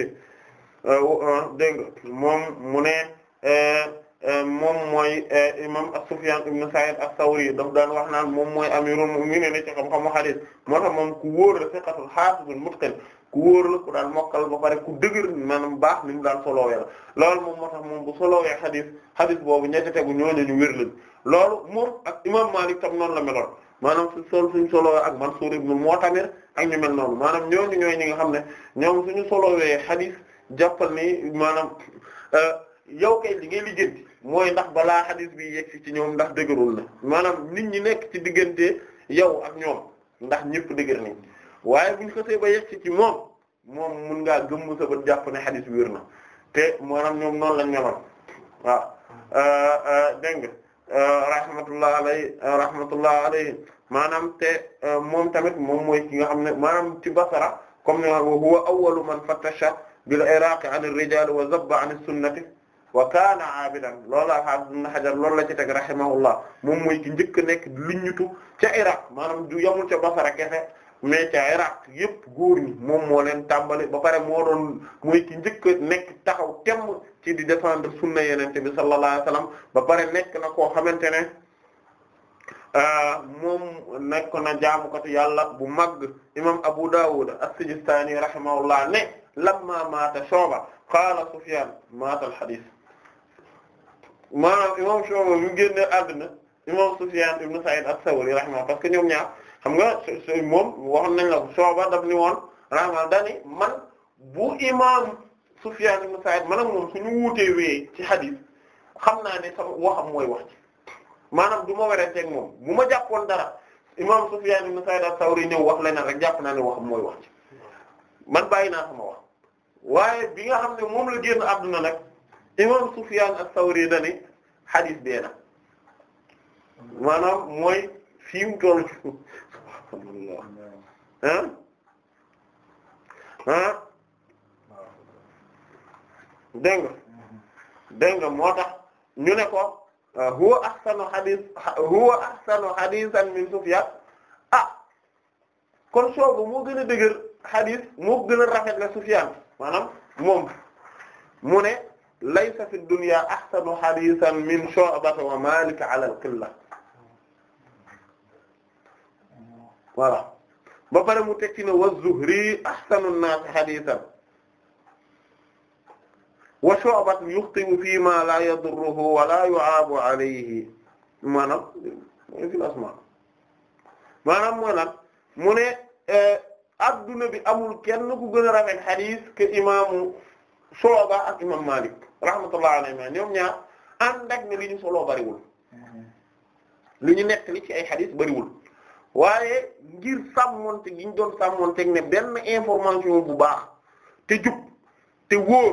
euh, dégg moom mu ne moom mooy imam Sufyan ibn Sa'id ath-Thawri daf daan wax naan moom mooy amirul mu'minin ci xam-xamu hadith moo tax moom ku wóor la thiqatun hafizun mutqin ku wóor la ku daan mokkal ba pare ku dëgër maanaam baax ni mu daan solowee la loolu moom moo tax moom bu solowee xadis xadis boobu ñetti tegu ñooñu ñu wér lañ loolu moom ak imam Malik tam noonu la meloon maanaam suñ sol suñ solowee ak Mansur ibn Mu'tamir ak ñu mel noonu maanaam ñooñu ñooy ñi nga xam ne ñoom ñu solowee xadis jàppal ni maanaam euh, yow kay li ngay mooy ndax balaa xadis bii yegsi ci ñoom ndax dëgërul na maanaam nit ñi nekk ci diggante yow ak ñoom ndax ñëpp dëgër nañ waaye buñ xasee ba yegg ci moom moom mun ngaa gëmm sa bët jàpp ne xadis bi wér na te maanaam ñoom noonu lañ meloon waaw euh, euh, dégg nga euh, rahmatullah alayhi rahmatullah alayhi maanaam te moom tamit moom mooy ki nga xam ne maanaam ci Basra comme ne huwa awwalu man fattasha bil iraq an ar-rijal wa zabba an as-sunnati wa kaana aabidan loolaa Ibn Hajar loolu la ci teg rahimahullah moom mooy ki njëkk nekk luññutu ca iraq maanaam du yamul ca Basra kefe mais ca yépp góor ñi moom moo leen tàmbali ba pare moo doon mooy ci njëkk nekk taxaw temm ci di défendre sunna yenente bi sallallahu alayhi ba pare nekk na koo xamante ne euh, moom nekk na jaamukatu yàlla bu mag imam Abu Dawud as-Sijistani rahimahullah ne lamma maata Shu'ba qaala Sufyan maata al-hadith maanaam imam Shu'ba mu génne àdduna imam Sufyan ibn Sa'id as-Sawri rahimahullah parce que ñoom ñaar xam nga moom wax nañ la ko Shu'ba daf ni woon rahma dani man bu imam Sufyan ibn Sa'id man ak moom suñu wuutee wee ci hadith xam naa ne sama mooy wax maanaam du ma werenteeg moom bu ma jàppoon dara imam Sufyan ibn Sa'id as-Sawri ñëw wax leneen rek jàpp naa ne waxam mooy wax ci man bàyyi naa a wax waaye bi nga xam ne moom la génn àdduna nag imam Sufyan as-Sawri dani hadith bee maanaam mooy fi mu alhamdulillah ah ah dégg nga mm-hmm. dégg nga moo tax ñu ne ko ah, huwa ahsanu hadith huwa ahsanu hadithan min Sufyan ah kon soobu moo gën a dëgër hadith moo gën a rafet la Sufyan maanaam moom mu ne laysa fi dunya ahsanu hadithan min Shu'bah wa Malik ala al-qilla voilà ba pare mu teg ci ne wa Zuhri ahsanu an-nas hadithan wa Shu'ba yukhtibu fi ma la yadurruhu wa la yu'abu alayhi maanaam financement maanaam mooy nag mu ne eh, adduna bi amul kenn ku gën a rafet xadis que imaamu Shu'ba ak imam Malik rahmatullahi alayhi ñoom ñaar ànd ak ne li ñu soloo bariwul mm-hmm. li ñu nekk li ci ay xadis bariwul waaye ngir sàmmonte gi ñu doon sàmmonteeg ne benn information bu baax te jub te wóor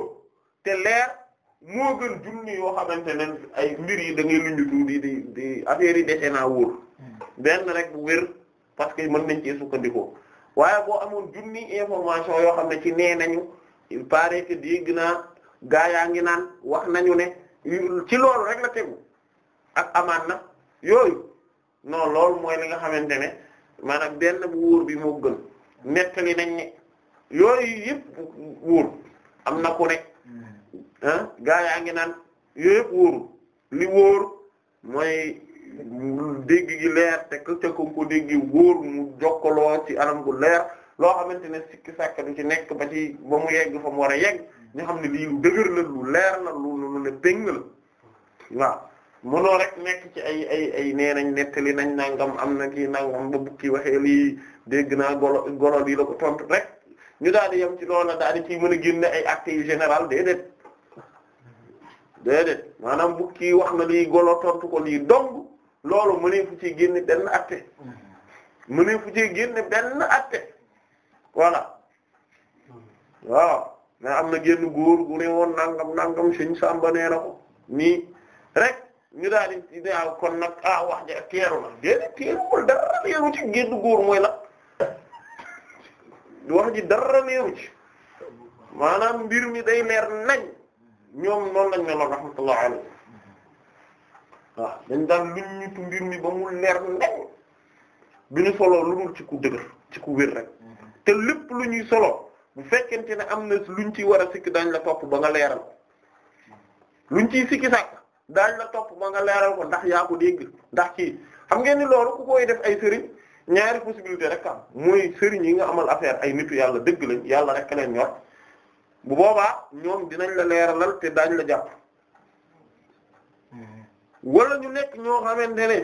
te leer moo gën junni yoo xamante ne ay mbir yi da ngay luñu di di di affaire yi dese hmm. benn rek bu wér parce que mën nañ ci sukkandikoo waaye boo amoon junni information yoo xam ne ci nee nañu il paraît que dégg naa gaa yaa ngi naan wax nañu ne ci loolu rek la tegu ak amaan na yooyu. non loolu mooy li nga xamante ne maanaam benn bu wóor bi moo gën nettali nañ ne yooyu yëpp wóor am na ku ne hmm. ah gaa yaa ngi naan yooyu yëpp wóorul li wóor mooy dégg gi leer te que te ko dégg wóor mu jokkaloo ci anam gu leer loo xamante ne sikki sàkk du ci nekk ba ci ba mu yegg fa mu war a yegg ñu xam ne lii lu dëgër la lu leer la lu lu ne péng la mënoo rek nekk ci ay ay ay nee nañ nettali nañ nangam am na kii nangam ba bukki waxee lii dégg naa golo golo lii la ko tontu rek ñu daal di yem ci loolu daal di ciy mën a génne ay actes yu général déedéet maanaam bukki wax na lii golo tontu ko lii dong loolu mënee fu ci génne benn acte mënee fu ci génne benn acte voilà waaw mais am na génn góor gu ne woon nangam nangam sëñ Samba nee na ko nii rek ñu daal di daaw kon nag ah dara leeru ci génn góor mooy la wax ji dara leeru ci maanaam mbir mi day leer nañ ñoom noonu lañ ne loon rahmatullah dañ daan luñ ñutu mbir mi ba mu leer nañ bi ñu lu dul ci ku dëgër ci ku wér rek te lépp lu ñuy solo bu fekkente ne am na luñ ci war a sikk dañ la topp ba nga leeral luñ ciy sikki sàkk daañ la topp ba nga leeral ko ndax yaa ko dégg ndax kii xam ngeen ni loolu ku koy def ay sëriñ ñaari possibilité rek am mooy sëriñ yi nga amal affaire ay nitu yàlla dëgg lañ yàlla rek leen ñor bu boobaa ñoom dinañ la leeralal te daañ la jàpp wala ñu nekk ñoo xamante ne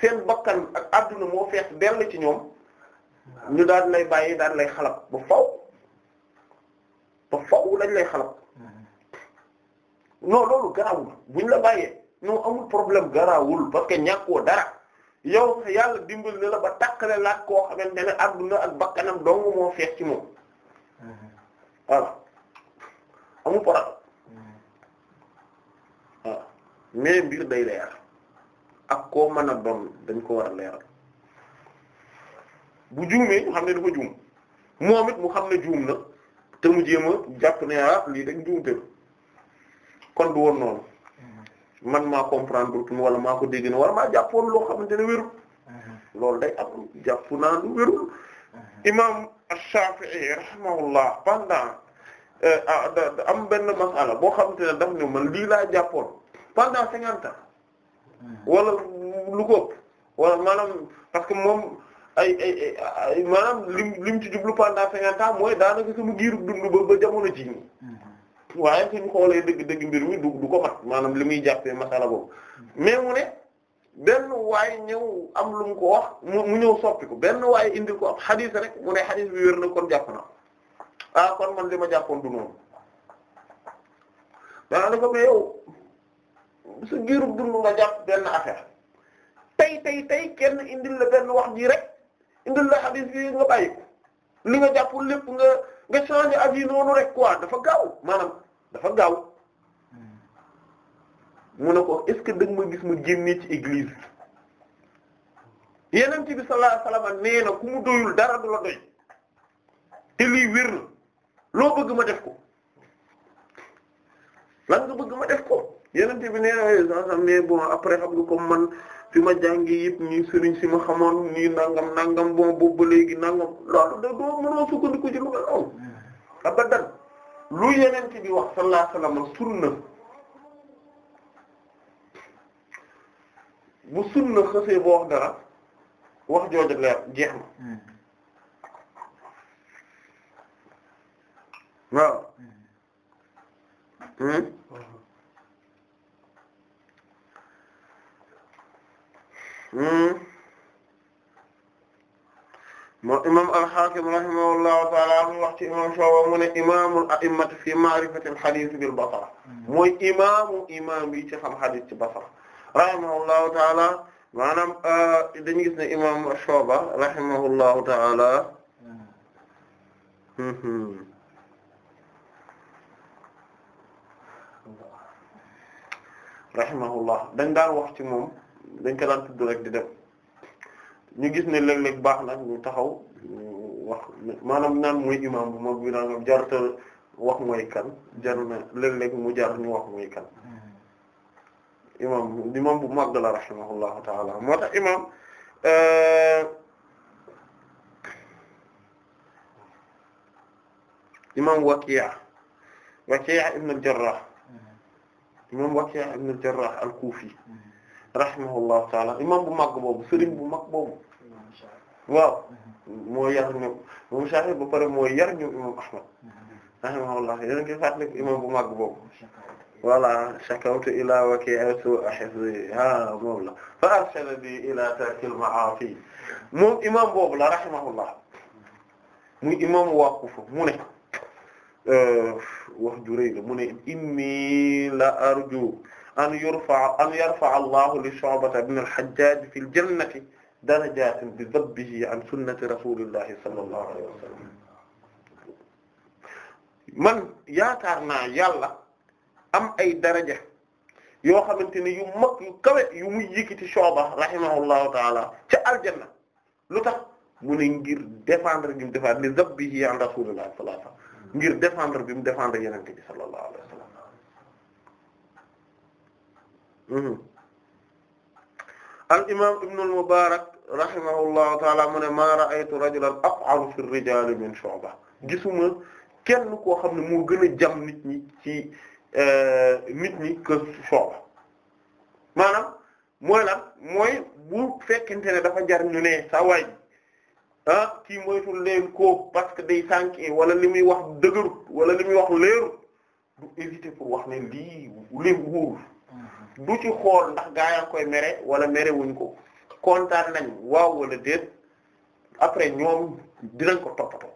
seen bakkan ak adduna moo fees dell ci ñoom ñu daal lay bàyyi daal lay xalab ba faw ba faw lañ lay xalab non loolu garawul buñ la bàyyee non amul problème garawul parce que ñàkkoo dara yow yàlla dimbal na la ba takkale laaj koo xamante ne adduna ak bakkanam dong moo feex ci moom mm-hmm. voilà amul problème waaw mm-hmm. mais mbir day leer ak koo mën a doon dañ ko war a leeral bu juumee ñu xam ne dafa juum moom it mu xam ne juum na te mu jéem a jàpp ne ah lii dañ juum te kon du woon noonu man maa comprendre tun wala maa ko dégg na wala maa jàppoon loo xam ne wérul loolu day am jàppu naa lu wérul imam Shafi'i rahimahullah pendant euh, ah, am benn masala boo xamante ne daf ne man lii laa jàppoon pandan cinquante ans wala lu ko wala maanaam parce que moom ay ay ay maanaam lim lim ci jublu pendant cinquante ans mooy daanaka sama giirub dund ba ba jamono ji waaye suñ xoolee dëgg-dëgg mbir mi du du ko mat maanaam li jàppe jàppee masala boobu mais mu ne benn waay ñëw am lum ko wax mu ñëw soppi ko benn waay indi ko am xadis rek mu ne xadis bi wér na kon jàpp na ah man li ma jàppoon du noonu daanaka ko mais yow su affaire tey tey tey kenn indil la benn wax ji rek indil la xadis bi nga bàyyi li nga jàppul lépp nga nga changer avis noonu rek quoi dafa gaaw maanaam dafa gaaw hmm. mu ne ko est-ce que da ma gis ma génnee ci église yeneen bi sallallahu alayhi wasallam nee na ku mu doyul dara du la doy te lii wér na loo bëgg ma def ko lan nga bëgg ma def ko yeneen bi nee na sax mais bon après xam nga comme man fi ma jàngi yëpp ñii sëriñ si ma xamoon ñii nangam nangam bon boobu ba léegi nangam loolu da doo mënoo sukkandiku lu mel noonu hmm. abadan lu yenent bi wax sallallahu alayhi wasallam sunna bu sunna xësee boo wax dara wax jooju leer jeex na hmm. waaw hmm, hmm? hmm. moo imam al-Hakim rahimahullahu taala mu wax ci imam Shu'ba mu ne imamul a'immati fi ma'rifati al-hadith bil Basra mooy imamu imam yi ci xam hadith ci Basra rahimahullahu taala maanaam euh, dañu gis ne imam Shu'ba rahimahullahu taala rahimahullah dañ daan wax ci moom dañ ko daan tudd rek di dem ñu gis ne léeg baax na ñu taxaw wax maanaam naan mooy imam bu mag bi naan jarta wax mooy jar jaru na mu jar ñu wax mooy imam imam bu mag la rahimahullahu taala moo tax imam euh, imam Waki' ibn al mm-hmm. imam Waki' ibn al-Jarrah rahimahullahu taala imam bu mag boobu sëriñ bu mag boobu waaw moo yar ñu moom Shaafi'i ba pare moo yar ñu imam Ahmad rahimahullah yéen a ngi fàttali imam bu mag boobu voilà shakawtu ila waki'a su'a hifzi ha moom la fa arshadani ila tarkil ma'asi moom imam boobu la rahimahullah muy imam waquf mu ne euh, wax ju rëy la mu ne inni la arju an yurfa an yarfa Allahu li Shu'bata ibn al-Hajjaj fil jannati darajatin bi dhabbihi an sunnati rasulillahi sallallahu alayhi wa sallam man yaakaar naa yàlla am ay daraja yoo xamante ne yu mag yu kawe yu muy yëkkati Shu'ba rahimahullahu taala ca aljanna lu tax mu ne ngir défendre bi mu défendre li dhabbihi an rasulillahi sallallahu alayhi wa sallam ngir défendre bi mu défendre yonent bi sallallahu alayhi wa sallam Mhm. al imam ibn al mubarak rahimahullahu taala mu ne ma ra'aytu rajulan af'alu fi rijal min shu'ba gisuma kenn koo xam ne moo gën a jam nit ñi ci eh, nit ñi que shu'ba maanaam mooy lan mooy bu fekkente ne dafa jar ñu ne sa waay ah kii moytul leen ko parce que day sànke wala li muy wax dëgërut wala li muy wax leerut du éviter pour wax ne lii li wóor du ci xool ndax gaa yaa koy mere wala mere wuñ ko kontaan nañ waaw wala déet après ñoom dinañ ko toppatoo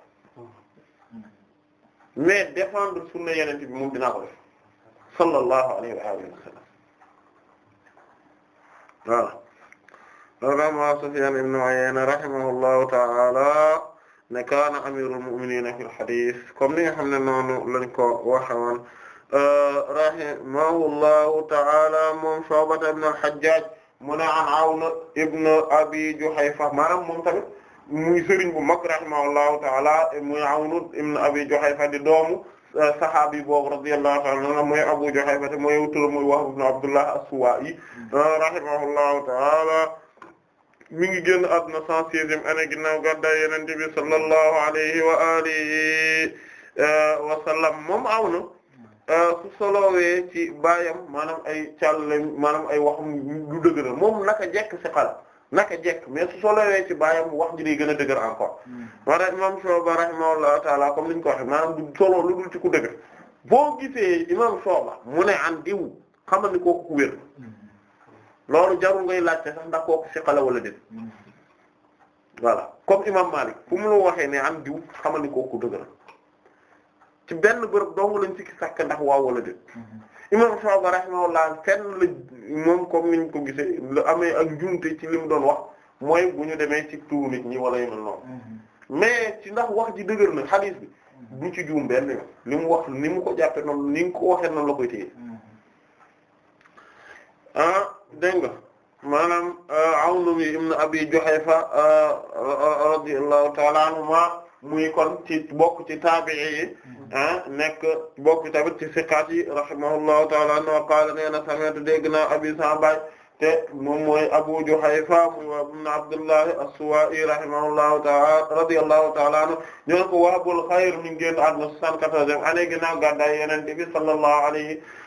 mais défendre sunna yeneen bi moom dinaa ko def sallallahu alayhi wa alihi wa sallam voilà ta'ala ne kaana amirul mu'minina fil hadith comme ni nga xam ne noonu lañ ko waxewoon rahimahullahu ta'ala moom Shu'bata ibn al-Hajjaj mu ne an Awn ibn Abi Juhayfa maanaam moom tamit muy sëriñ bu mag rahimahullahu ta'ala muy Awn ibn Abi Juhayfa di doomu uh, saxaabi boobu radiyallahu ta'ala mooy Abu Juhayfa te mooy wutul muy Wahb ibn Abdullah as-Suwa'i uh, rahimahullahu ta'ala mi ngi génn àdduna 106e année ginnaaw gàddaay Yonent bi sallallahu alayhi wa alihi uh, wa sallam moom Awn Euh, su solowee ci baayam maanaam ay càll maanaam ay waxam du dëgëral moom naka jekk si xal naka jekk mais su solowee ci baayam wax ji day gën a dëgër encore maanaam imam Shuba rahimahullahu taala comme niñ ko waxe maanaam du solo lu dul ci ku dëgër boo gisee imam Shuba mu ne an diw xamal ni kooku ku wér hmm. loolu jarul ngay laajte sax ndax kooku si xala wala déet hmm. voilà comme imam Malik fu mu la waxee ne an diw xamal ni kooku dëgëral ci benn bërëb dong lañ sikki sàkk ndax waaw wala déet mhm. imam Shu'ba rahimahullah fenn la moom comme niñ ko gisee lu amee ak njuumte ci li mu doon wax mooy bu ñu demee ci tuuru nit ñi wala yu mel noonu mhm. mais ci ndax wax ji dëgër na xadiis bi du ci juum benn yoon li mu wax ni mu ko jàppee noonu ni nga ko waxee noonu la koy téye mhm. ah dégg nga maanaam ah, Awn ibn Abi Juhayfa ah, ah, radiyallahu ta'ala anhuma muy kon ci bokk ci taabi'i yi mm-hmm. ah nekk bokk tamit ci siqaat yi rahimahullahu taala an wa qaala nee na sami'tu dégg naa abi sa'bay te moom mooy abu juhayfa wa ibn abdullah as-suwa'i rahimahullahu taala radiyallahu taala anhu ñoo ko wahbul xayr mi ngi génn àdduna soixante-quatorzième année ginnaaw gàddaay yonent bi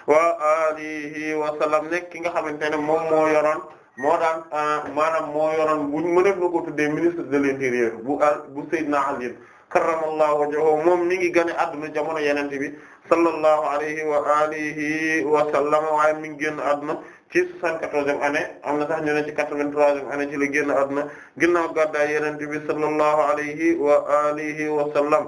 wa alihi wa sallam nekk ki nga xamante ne moom moo yoroon moo daan euh, maanaam moo yoroon bu mu nekk na ko tuddee ministre de bu euh, bu Seydina Ali karramallahu wajhahu moom mi adduna jamono yenente bi sallallahu alayhi wa alihi wa sallam waaye mi ngi génn adduna ci soixante-quatorzième anne am na sax ñu ci quatre-vingt-troisième année ci la génn adduna ginnaaw gàddaay yenente bi sallallahu alayhi wa alihi wa sallam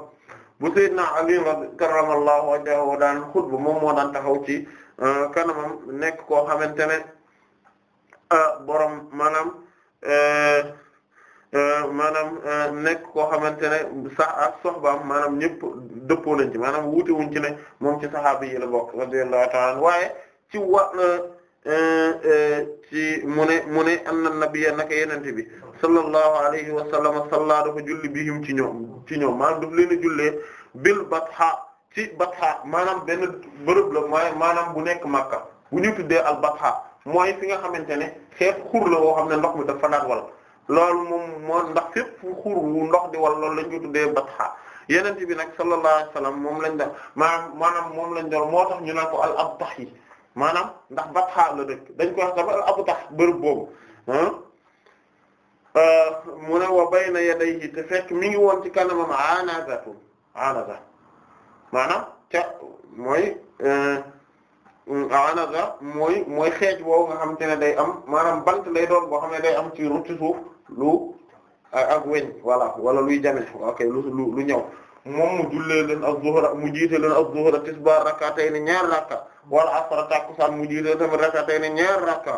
bu sayyidina Ali karramallahu wajhahu daan xutba moom moo daan taxaw ci euh, kanamam nekk koo xamante ne borom maanaam eh, eh, maanaam eh, nekk koo xamante ne sax ak soxbaam maanaam ñëpp dëppoo nañ ci maanaam wuute wuñ ci ne moom ci saxaaba yi la bokk radiyallahu ta'ala waaye ci wa ci mu ne mu ne anna nabiyya naka yenente bi sallallahu alayhi wa sallam salla dafa julli bi ci ñoom ci ñoom maanaam daf leen a jullee bil batha ci batha maanaam benn bërëb la mooy maanaam bu nekk Makka bu ñu tuddee al batha mooy fi nga xamante ne xeex xur la woo xam ne ndox mi dafa daan wal loolu moom ndax fépp xur wu ndox di wal loolu lañ ko tuddee batxa yeneen bi nag sallallahu alayhi moom lañ doon maanaam maanaam moom lañ doon moo tax ñu naan ko al ab tax yi maanaam ndax batxa la dëkk dañ ko wax dafa al abu tax bërëb boobu ah. euh, mu ne wa bayna yadayhi te fekk mi ngi woon ci kanamam anazatu anaza maanaam ca mooy euh, anaga mooy mooy xeej woowu nga xamante ne day am maanaam bant lay doon boo xam ne day am ci ru ci suuf lu ak weñ wala luy jame ok lu lu lu ñëw moom mu jullee leen ak zuhra mu jiite leen ak zuhra tisbaar rakatay ne ñaar rakka wala asra takusaan mu jiite tamit rakatay ne ñaar rakka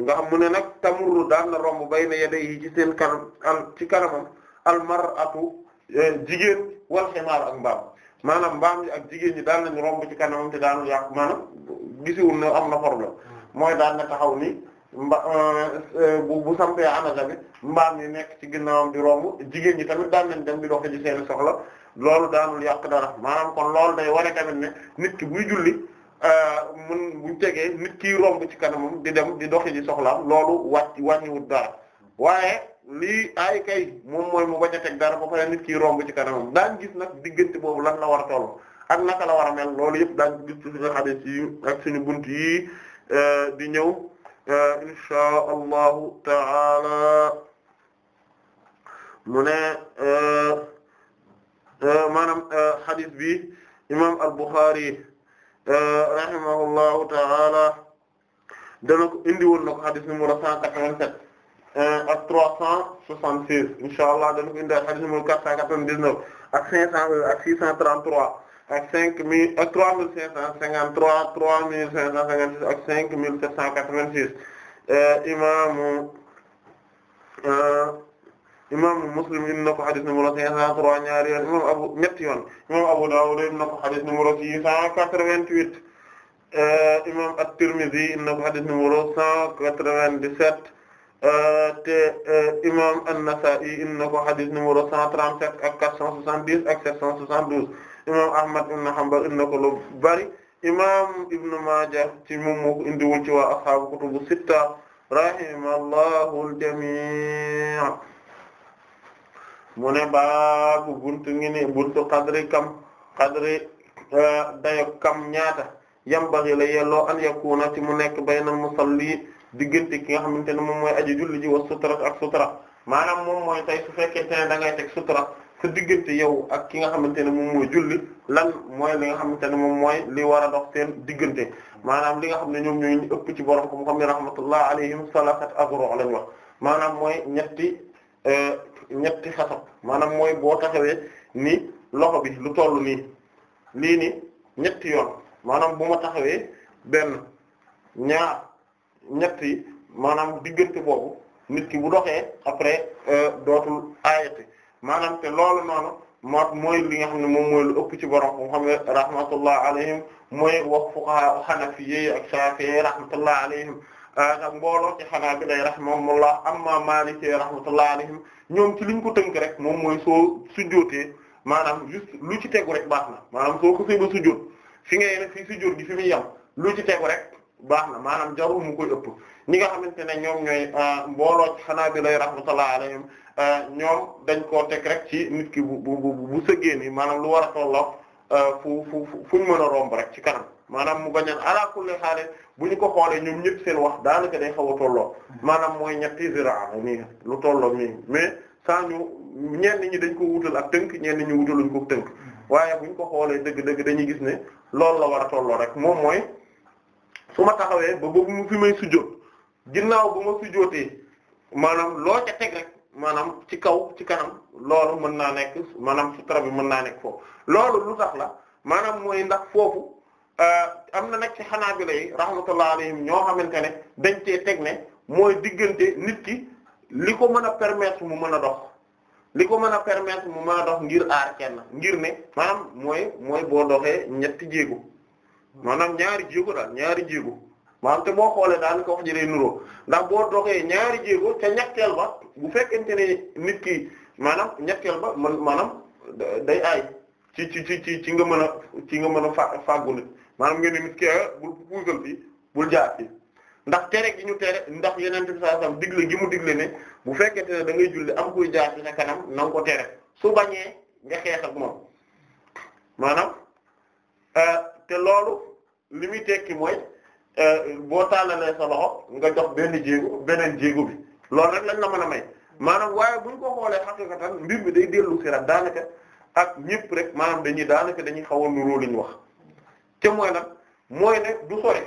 nga xam mu ne nag tamurru daan na romb bay na yedey yi ci seen kanam al ci atu eh, jigéen wal ximaar ak mbaam maanaam mbaam yi ak jigéen ñi daan nañu romb ci kanamam te daanu yàq maanaam gisiwul ne am na problème hmm. mooy daan na taxaw ni mba euh, euh, bu bu sampee anaga mbaam yi nekk ci ginnaawam di romb jigéen ñi tamit daan nañ dem di doxe ci seen soxla loolu daanul yàq dara maanaam kon loolu day wone tamit ne nit ki buy julli euh, mun buñ tegee nit kiy romb ci kanamam di dem di doxe ci soxlaam loolu wàcc wàññiwul dara waaye lii ay kay moom mooy mu bañ a teg dara ba pare nit ki romb ci kanamam daañ gis nag diggante boobu lan la war a toll ak naka la war a mel loolu yëpp daañ gis ci suñu xadis yi ak suñu bunt yi euh, di ñëw euh, inshaa allahu taala mu ne euh, maanaam xadis bi imam al-Bukhari rahimahullahu taala dana ko indi woon na ko xadis numéro cent quatre Euh, ak 376 incha allah dañu ko indi ak hadith numéro 499 ak 500 ak 633 ak 5000 ak 3553 3556 ak 5786 imaamu euh, imaamu Muslim indi na ko hadith numéro 503 ñaari yoon imaamu Abu ñetti yoon imaamu Abu Dawud indi na ko hadith numéro 688 euh, imaamu At-Tirmidhi indi na ko hadith numéro 197. Euh, te euh, imam an-Nasa'i in na ko xadis numéro 137 ak 470 ak 772 imam Ahmad ibn Hanbal in na ko lu bari imam Ibn Maaja ci moom moo ko indiwul ci waa ashaabu kutubu sitta rahimallahu al-jamii' mu ne baabu buntu ngi ni buntu qadri kam qadri euh, dayo kam ñaata yambaghi la yelloo an yakuna ci mu nekk bayna musalli diggante ki nga xamante ne moom mooy aji julli ji wa sutura ak sutura maanaam moom mooy tey su fekkente ne da ngay teg sutura yow ak ki nga xamante ne moom mooy julli lan mooy li nga xamante ne moom mooy li war a dox seen diggante maanaam li nga xam ne ñoom ñooy ñu ëpp ci borom ko mu xam ne rahmatullah alayhim salafat azro lañ wax maanaam mooy ñetti euh, ñetti xasab maanaam mooy boo taxawee ni loxo bi lu toll nii lii ni ñetti yoon maanaam bu ma taxawee benn ñaar ñett maanaam diggante boobu nit ki bu doxee après euh, dootul aayati maanaam te loolu noonu moo mooy li nga xam ne moom mooy lu ëpp ci borom bu xam ne rahmatullah alayhim mooy wax fuqaha xanafiyyi ak shafi'i rahmatullah alayhim euh, ak mbooloo ci xanaabilay rahimahumullah amma maliki rahmatullah alayhim ñoom ci liñ ko tënk rek moom mooy soo sujjóotee maanaam juste lu ci tegu rek baax na maanaam soo ko see ba sujjóot fi ngay ne fii sujjóot gi fi muy yam lu ci tegu rek baax na maanaam jarul mu koy ëpp ñi nga xamante ne ñoom ñooy euh, mbooloo Hanaabila rahmatullah alayhim euh, ñoom dañ koo teg rek ci nit ki bu bu bu sëggee nii maanaam lu war a tolloo euh, fu fu fu ñu mën a romb rek ci kanam maanaam mu bañ a ala bu ñu ko xoolee ñoom ñëpp seen wax daanaka day xaw a tolloo mm-hmm. maanaam mooy ñetti ziraa nii lu tolloo mii mais saa ñu ñenn ñi dañ ko wutal ak tënk ñenn ñi wutaluñ ko tënk mm-hmm. waaye bu ñu ko xoolee dëgg-dëgg dañuy gis ne loolu la war a tolloo rek moom mooy. su ma taxawee ba boobu mu fi may sujjóot ginnaaw bu ma sujjóotee maanaam loo ca teg rek maanaam ci kaw ci kanam loolu mën naa nekk maanaam sutura bi mën naa nekk foofu loolu lu tax la maanaam mooy ndax foofu euh, am na nag ci Hanaabila yi rahmatullah alayhim ñoo xamante ne dañ cee teg ne mooy diggante nit ki li ko mën a permettre mu mën a dox li ko mën a permettre mu mën a dox ngir aar kenn ngir ne maanaam mooy mooy boo doxee ñetti jéego. maanaam ñaari jéego daal ñaari jéego maanaam te boo xoolee daanaka ko ji day nuroo ndax boo doxee ñaari jéego ca ñetteel ba bu fekkente ne nit ki maanaam ñetteel ba man maanaam day aay ci ci ci ci ci nga mën a ci nga mën a fa fàggu nit maanaam ngeen ne nit ki ah, bul puusal fii bul jaar fii ndax tere gi ñu tere ndax yeneen bi saa digle gi mu digle ne bu fekkee te da ngay julli am koy jaar na sa kanam na ko tere su bañee nga xeex ak moom ah, te loolu li muy tekki mooy euh, boo tàllalee sa loxo nga jox benn jéego beneen jéego bi loolu rek lañ la mën a may maanaam waaye buñ ko xoolee xaqiqatan mbir mi day dellu si rat daanaka ak ñëpp rek maanaam dañuy daanaka dañuy xaw a nuroo li ñu wax te mooy nag mooy ne du sore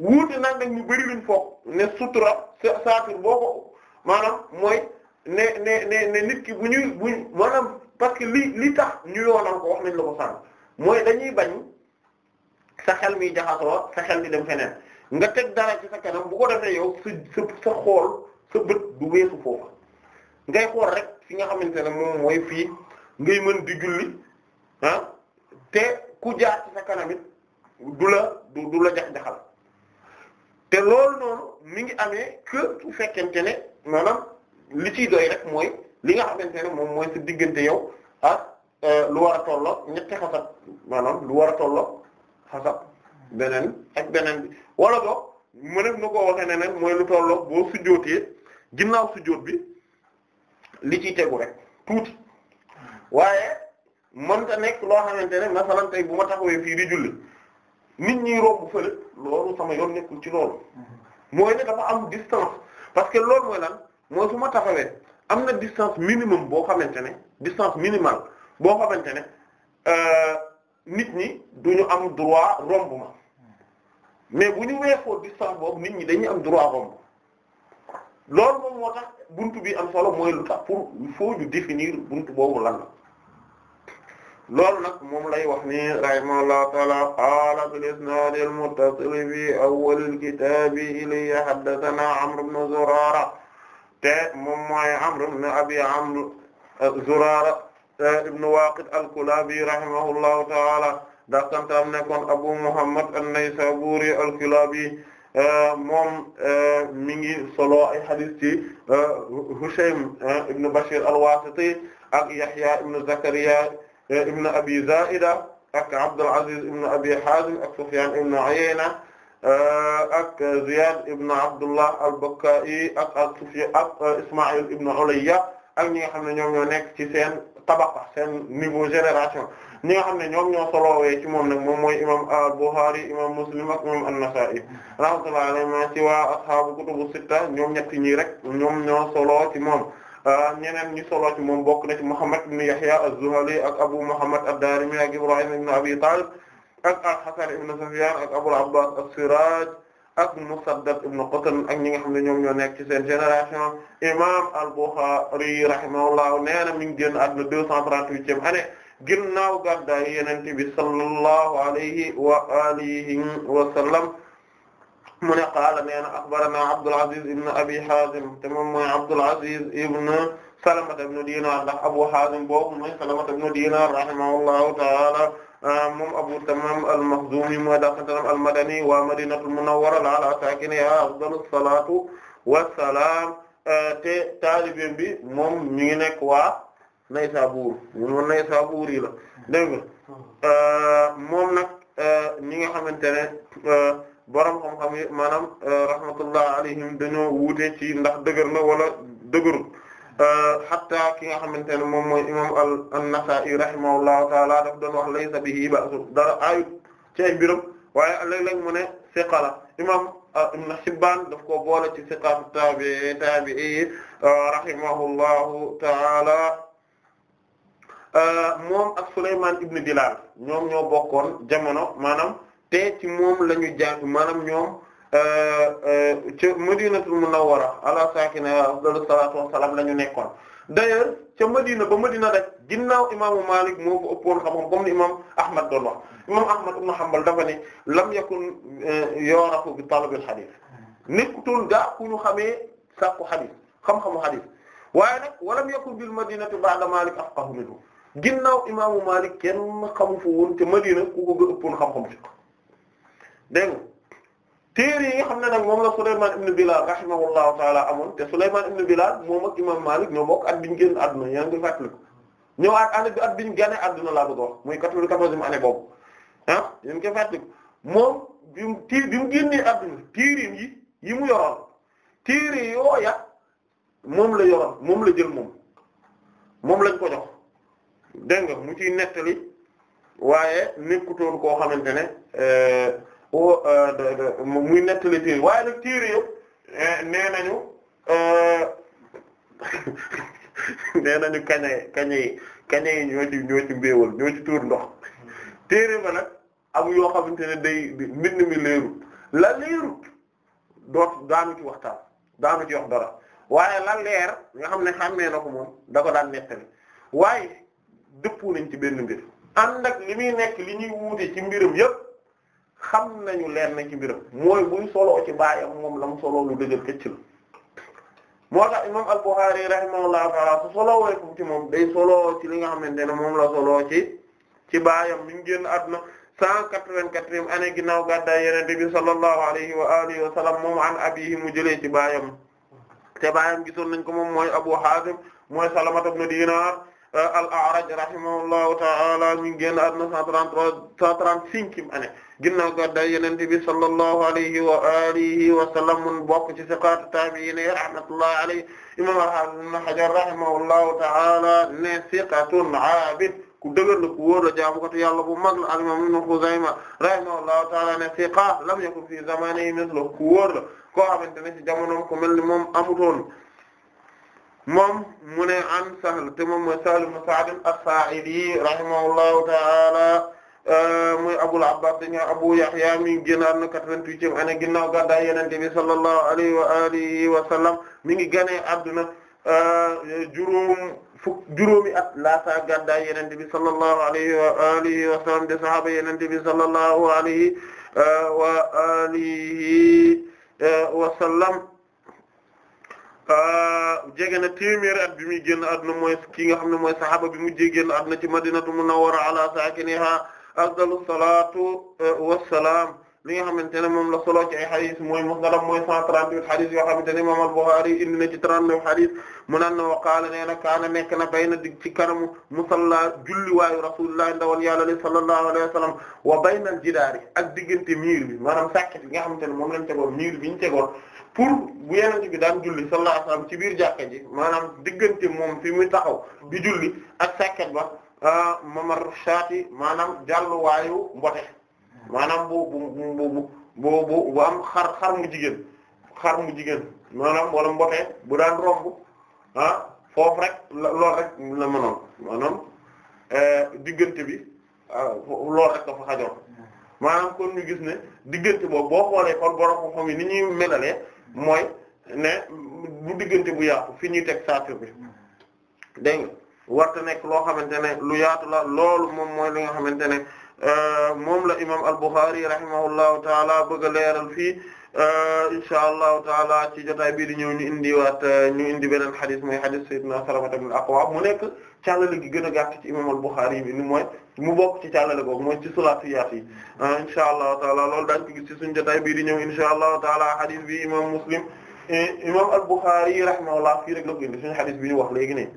wuute nag nag ñu bari luñ foog ne sutura saatur boo ko maanaam mooy ne ne nit ki bu ñuy buñ maanaam parce que li li tax ñu ko nañ la ko sànq mooy dañuy bañ sa xel mi jaxasoo sa xel mi dem feneen nga teg dara ci sa kanam bu ko defee yow sa xool sa bët du weesu foofu ngay xool rek fi nga xamante ne moom mooy fii ngay mën di julli ah, te ku jaar ci sa kanam it du la du du la jax-jaxal te loolu noonu ngi amee que su fekkente ne maanaam li ciy doy rek mooy li nga xamante ne moom mooy sa diggante yow ah lu war a tolloo ñetti xasat maanaam lu war a xasab beneen ak beneen bi wala boog mu nekk nu ko waxee mooy lu tolloo boo sujjootee ginnaaw sujjoot bi li ci tegu rek tuuti waaye mënta nekk loo xamante ne masalan tey bu ma taxawee fii di julli nit ñi romb fële loolu sama yoon nekkul ci loolu mooy ne dafa am distance parce que loolu mooy lan mooy su ma taxawee am na distance minimum boo xamante ne distance minimale boo xamante ne. Euh, nit ñi duñu am droit romb ma mais bu ñu weesoo distance boobu nit ñi dañuy am droit romb loolu moom moo buntu bi am solo mooy lu tax pour il faut buntu boobu lan la loolu nag moom lay wax ni rahimahullahu taala qaala bil isnaad al muttasil fi awwal al kitaab ilayhi haddathana Amr ibn Zurara te moom mooy Amr ibn Abi Amr Zurara ibn Waqid al-Kulabi rahimahullahu ta'ala dakantaam nekkoon Abu Muhammad an-Naysaburi al-Kulabi moom mi ngi solo ay hadith ci Hushaym ibn Bashir al-Wasiti ak Yahya ibn Zakariya ibn Abi Zaida ak Abdul Aziz ibn Abi Hazim ak Sufyan ibn Uyayna ak Ziyad ibn Abdullah al-Bakka'i ak ak Sufyan ak Isma'il ibn Ulayya ak ñi nga xam ne ñoom ñoo nekk ci seen tabaqa seen niveau génération ñi nga xam ne ñoom ñoo soloowee ci moom nag moom mooy imam al-Bukhari imam Muslim ak a an-Nasa'i rahmatullahi alayhi ci a ashaabu kutubu sitta ñoom ñetti ñi rek ñoom ñoo ci moom ah, ñeneen ñi soloo ci moom bokk na ci Muhammad ibn Yahya az-Zuhali ak Abu Muhammad ad-Darimi ak Ibrahim ibn Abi Talib ak al-Hasan ibn Sufyan ak Abul Abbas as-Siraj ak Musaddad ibn Qutn ak ñi nga xam ne ñoom ñoo nekk ci seen génération imam al-Bukhari rahimahullahu nee na mi ngi génn àdduna deux cent trente-huitième année ginnaaw gàddaay Yonent bi sallallahu alayhi wa alihi wa sallam mu ne qaala nee na akhbarana Abdul Aziz ibn Abi Hazim te moom mooy Abdul Aziz ibn Salamata ibn Dinar ndax Abu Hazim boobu mooy Salamata ibn Dinar rahimahullahu ta'ala Ah, moom Abu Tamam al-Makhzumi mooy daqantalam al-Madani waa Madinatul Munawwara ala saakinihaa afdalu salaatu wa salaam ah, te taalibe bi moom mi ngi nekk waa Naysaabuur moom Naysaabuur yi la dégg nga ah, moom nag ñi nga xamante ne borom xam-xam yi maanaam rahmatullah alayhim dañoo wuute ci ndax dëgër na wala dëgërul. Euh, hatta ki nga xamante ne moom mooy imam an-Nasa'i rahimahullahu taala daf doon wax laysa bihi ba'su dara ayut ci ay mbiram waaye léeg-léeg mu ne siqa la imam euh, ibn Hibban daf ko boole ci siqatu tabii tabii euh, rahimahullahu taala moom ak Sulayman ibn Bilal ñoom ñoo bokkoon jamono maanaam te ci moom la ñu jàng maanaam ñoom ca Madinatul Munawwara ala saakinihaa afdalu salaatu wa salaam la ñu nekkoon d'ailleurs ca Madina ba Madina rek ginnaaw imaamu Maalik moo ko ëppoon xam-xam comme ni imaam Ahmad doon wax imaam Ahmad ibn Hanbal dafa ne lam yakun eh, yu'rafu bi talabil hadiis nekkutoon gaa ku ñu xamee sàkku hadiis xam-xamu hadiis waaye nag walam yakun bil madinati ba'da Maalik afqahu minhu ginnaaw imaamu Maalik kenn xamu fu woon ca Madina ku ko gën a ëppoon xam-xam dégg nga téere xam ne nag moom la Souleymane ibn Bilal rahimahullahu taala amoon te Souleymane ibn Bilal moom ak imam Malik ñoo bokk at bi génn àdduna yaa ngi fàttaliku ñoo at année bi at bi gane àdduna laa bëgg wax muy quatre-vingt-quatorzième année boobu ah yaa ngi koy fàttaliku moom bi mu téere génnee àdduna téere yi yi mu yoroon téere yooya moom la yoroon moom la jël moom moom lañ ko jox dégg nga mu ciy nettali waaye nekkutoon koo xamante ne. Euh, Euh, muy nettali téere waaye nag téere yëpp nee nañu euh, nee nañu kañe kañe yi kañe yi ñoo ci ñoo ci mbéewal ñoo ci tuur ndox téere ba nag am yoo xamante ne day mbind mi leerut la leerut doot daanu ci waxtaan daanu ci wax dara waaye la leer nga xam ne xàmmee na ko moom da ko daan nettali waaye dëppoo nañ ci benn mbir ànd ak li muy nekk li ñuy wuute ci mbiram yépp xam nañu leen na ci mbiram mooy buy soloo ci baayam moom la mu soloo lu dëgër këcc la moo tax imam al-Bukhari rahimahullahu taala su soloo way ci moom day soloo ci li nga xamante ne moom la soloo ci ci baayam mi ngi génn àdduna cent quatre-vingt-quatrième année ginnaaw gàddaay yenente bi sallallahu alayhi wa alihi wa sallam moom an abihi mu jëlee ci baayam te baayam gisoon nañ ko moom mooy Abu Hazim mooy Salamata ibn Dinar al-A'raj rahimahullahu taala mi ngi génn àdduna cent trente-trois cent trente-cinquième année ginnaaw gàddaay Yonent bi sallallahu alayhi wa alihi wa sallam mun bokk ci siqaatu taabi'iin yi rahmatullahi alayhi imam al-Hafiz ibn Hajar rahimahullahu ta'ala ne siqatun aabid ku dëgër la ku wóor la jaamukatu yàlla bu mag la al-imam ibn Khuzayma rahimahullahu ta'ala ne siqa lam yakun fi zamanihi mithluhu ku wóor la koo xamante ne ci jamonoom ku mel ni moom amutoon moom mu ne an Sahl te moom mooy Sahl ibn Sa'd as-Sa'idi rahimahullahu ta'ala Euh, muy Abul Abbas dañu Abu Yahya mi ngi génn àdduna 88e année ginnaaw gàddaay Yonent bi sallallahu alayhi wa alihi wa sallam mi ngi gane àdduna euh, juróom fukk juróomi at laata gàddaay Yonent bi sallallahu alayhi wa bi alayhi wa sallam euh, jege na téeméeri at bi muy génn àdduna mooy ki nga xam ne mooy sahaaba bi mu génn àdduna ci Madinatu Munawwara ala saakiniha afdalu eh, wa wassalaam li nga xamante ne moom la solo ci ay xadis mooy musnadam mooy 138 xadis yoo xamante ne imam al-Bukhari indi na ci 39 xadis mu naan na waqaala nee na kaana nekk na bayna dig ci kanamu musalla julli waayu rasulullah ndawal yàlla li sallallahu alayhi wa sallam wa bayna al-jidaari ak diggante miir bi maanaam sàkket bi nga xamante ne moom lañ tegoon miir bi ñu tegoon pour bu yenente bi daan julli sallallahu alayhi wa sallam ci biir jàkka ji maanaam diggante moom fi muy taxaw di julli ak sàkket ba Ah, mamar shaati maanaam jàlluwaayu mbote maanaam bu bu bu bu bu am xar xar mu jigéen xar mu jigéen maanaam wala mbote bu daan romb ah foofu rek lool rek la mënoon maanaam eh, diggante bi ah, lool rek dafa xajoon maanaam kon ñu gis ne diggante boobu boo xoolee kon borom ko xam yi ni ñuy melalee mooy ne bu diggante bu yàqu fi ñuy teg saatu bi dégg nga warta nekk loo xamante ne lu yaatu la loolu moom mooy li nga xamante ne euh, moom la imam al-Bukhari rahimahullahu taala bëgga a leeral fii euh, insha allahu taala ci jotaay bii di ñëw ñu indiwaat euh, ñu indi beneen xadis mooy xadis sayyidina Salamata ibn Akwa mu nekk càllale gi gën a gàtt ci imam al-Bukhari bi ni mooy mu bokk ci càllale googu mooy ci sulaasiyaat yi insha allahu taala loolu daañu ci suñu jotaay bii di ñëw insha allahu taala xadis bi imam Muslim eh, imam al-Bukhari rahimahullah fii rek la ko indi suñu xadis bi ñu wax léegi nii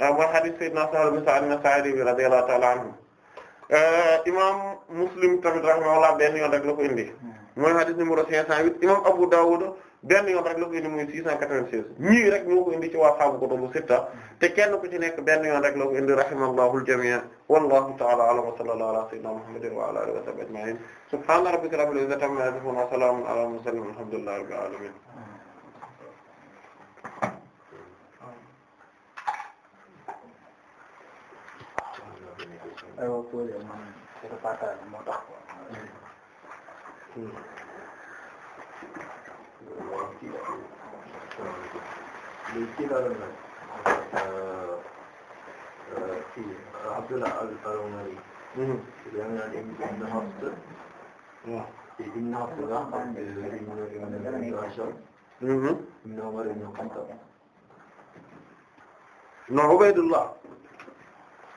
mooy hadith sayyidina Sahl ibn Sa'd an-Nasa'i bi radiyallahu ta'ala anhu euh, imam Muslim tamit rahimahullah benn yoon rek la ko indi mooy hadith numéro 508 imam Abu Dawud benn yoon rek la ko indi muy 696 ñii rek ñoo ko indi ci waa xaabu kutubu sitta te kenn ku ci nekk benn yoon rek la ko indi rahimahullahu al-jami' wallahu ta'ala a'lam wa sallallahu ala sayyidina Muhammadin wa ala alihi wa sahbihi ajma'in subhana rabbika rabbil izzati amma yasifun wa salamun ala al-mursalin walhamdulillahi rabbil alamin aywa posé man c'est le partage moo tax quoi. léegi ci la la mel. kii Abdullah al-Umari. Hmm. yaa ngi naan Ibn Hafs. waaw Ibn Hafs la am hmm. hmm. Ibn Umar ibn Khattab. non Ubaydullah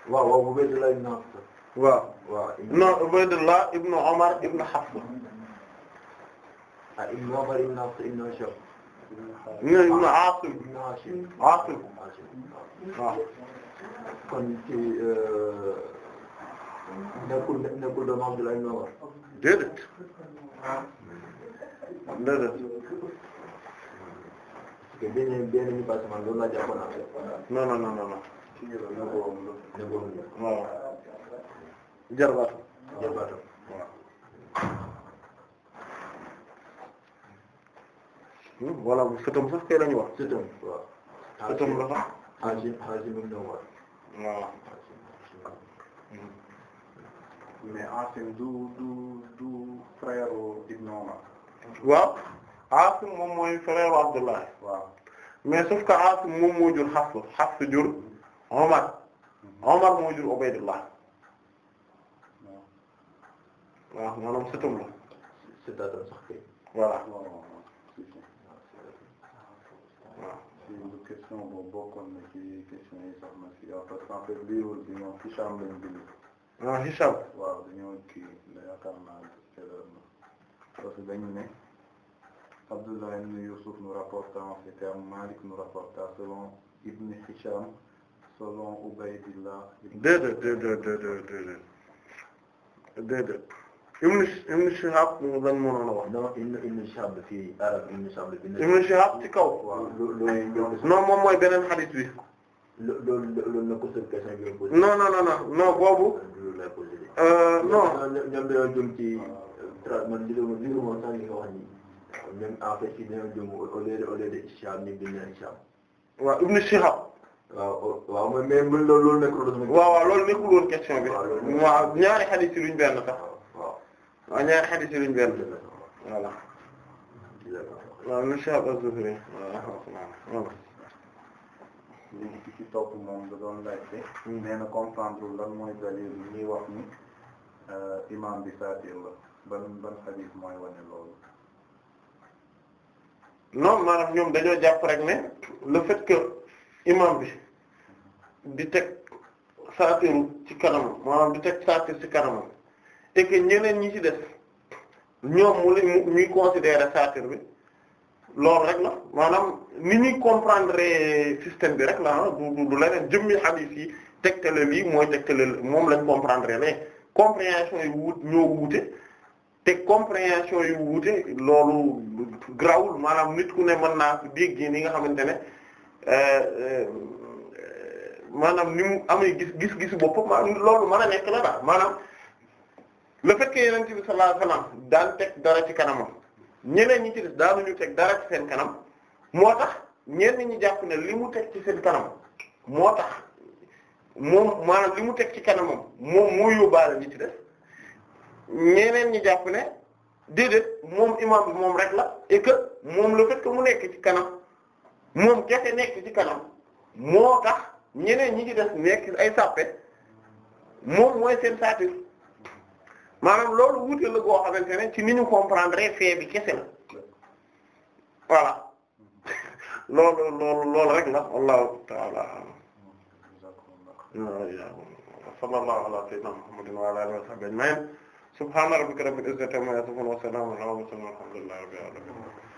waaw waaw Ubaydullah ibn Hafs waaw waaw non Ubaydullah ibn Omar ibn Hafs ah ibn Omar ibn Hafs ibn Hisham non ibn Asim Asim waaw kon ci euh, nekkul nekkul doom Abdullah ibn Omar déedéet déedéet parce que benn benn ñu passement loolu laa jàppoon non non non non waaw jarbaatu jarbaatu waaw voilà bu sëtam sax kay lañu wax sëtam waaw sëtam la du du du frère ibn Umar waaw Haasim moom mooy frère Abdullah waaw mais sauf que Haasim moom moo jur Omar Omar moo jur Ubaydullah waaw maanaam sëtam la voilà waaw une question boobu bokkoon na ci question yi sax na si yow parce que en fait livre bi ñoom Hicham lañ bind. ah Hicham. waaw dañoo kii la yaakaar naa parce que dañu ne Abdullah ibn Yusuf nous rapporte en fait et Malik nous rapporte selon Ibn Hicham selon Ubaydillah. déedéet déedéet déedéet déedéet Ibn Ibn Shihab lan moo doon non Ibn Shihab dafay arab Ibn Shihab dafay. Ibn Shihab ci kaw. waaw non moom mooy beneen xadis bi. lo loolu la ko seen question bi posé. non non non non non ñoom dañoo jëm ci ni bi ñu waaw waaw mais mais mën na loolu nekkul waaw waaw loolu nekkul bi. waaw ñaari xadiis yi luñ benn sax. waaw waaw ñaari xadiis yi luñ benn. voilà. waaw incha allah. waaw. léegi ci na comprendre lan mooy dalil bi wax ni euh, imaam bi saatir la ban ban xadiis mooy wane loolu. non maanaam ñoom dañoo jàpp rek ne le fait que. imam bi di teg saatiru ci kanamam maanaam di teg saatir ci kanamam et que ñeneen ñi ci def ñoom mu la mu ñuy saatir bi loolu rek la maanaam ni ñuy comprendre système bi rek la ah du du leneen jëmmi hadith yi tegtale lii mooy tegtale moom lañ comprendre mais compréhension yu wut ñoo wuute te compréhension yu wuute loolu grawul maanaam nit ku ne mën naa ko déggee nga xamante ne Euh, euh, maanaam ni mu amee gis gis gisu boppam maanaam loolu mën a nekk la daal maanaam le fait que yonent bi sallallahu alayhi daan teg dara ci kanamam ñeneen ñi ci des daanuñu teg dara ci seen kanam moo tax ñenn ñi jàpp ne li mu teg ci seen kanam moo tax moom maanaam li mu teg ci kanamam moom moo yóbbaale ñi ci des ñeneen ñi jàpp ne déedéet moom imaam moom rek la et que moom le fait mu nekk ci kanam. moom kese nekk ci kanam moo tax ñeneen ñi ci des nekk ay sàppe moom mooy seen satif maanaam loolu wuute la goo xamante ci ni ñu comprendre fee bi kese la voilà loolu loolu loolu la wallahu ta'ala sallallahu ala sayyidina muhammadin wa ala alihi wa sahbihi ajma'in subhana rabbika rabbil izzati amma yasifun wa salamun ala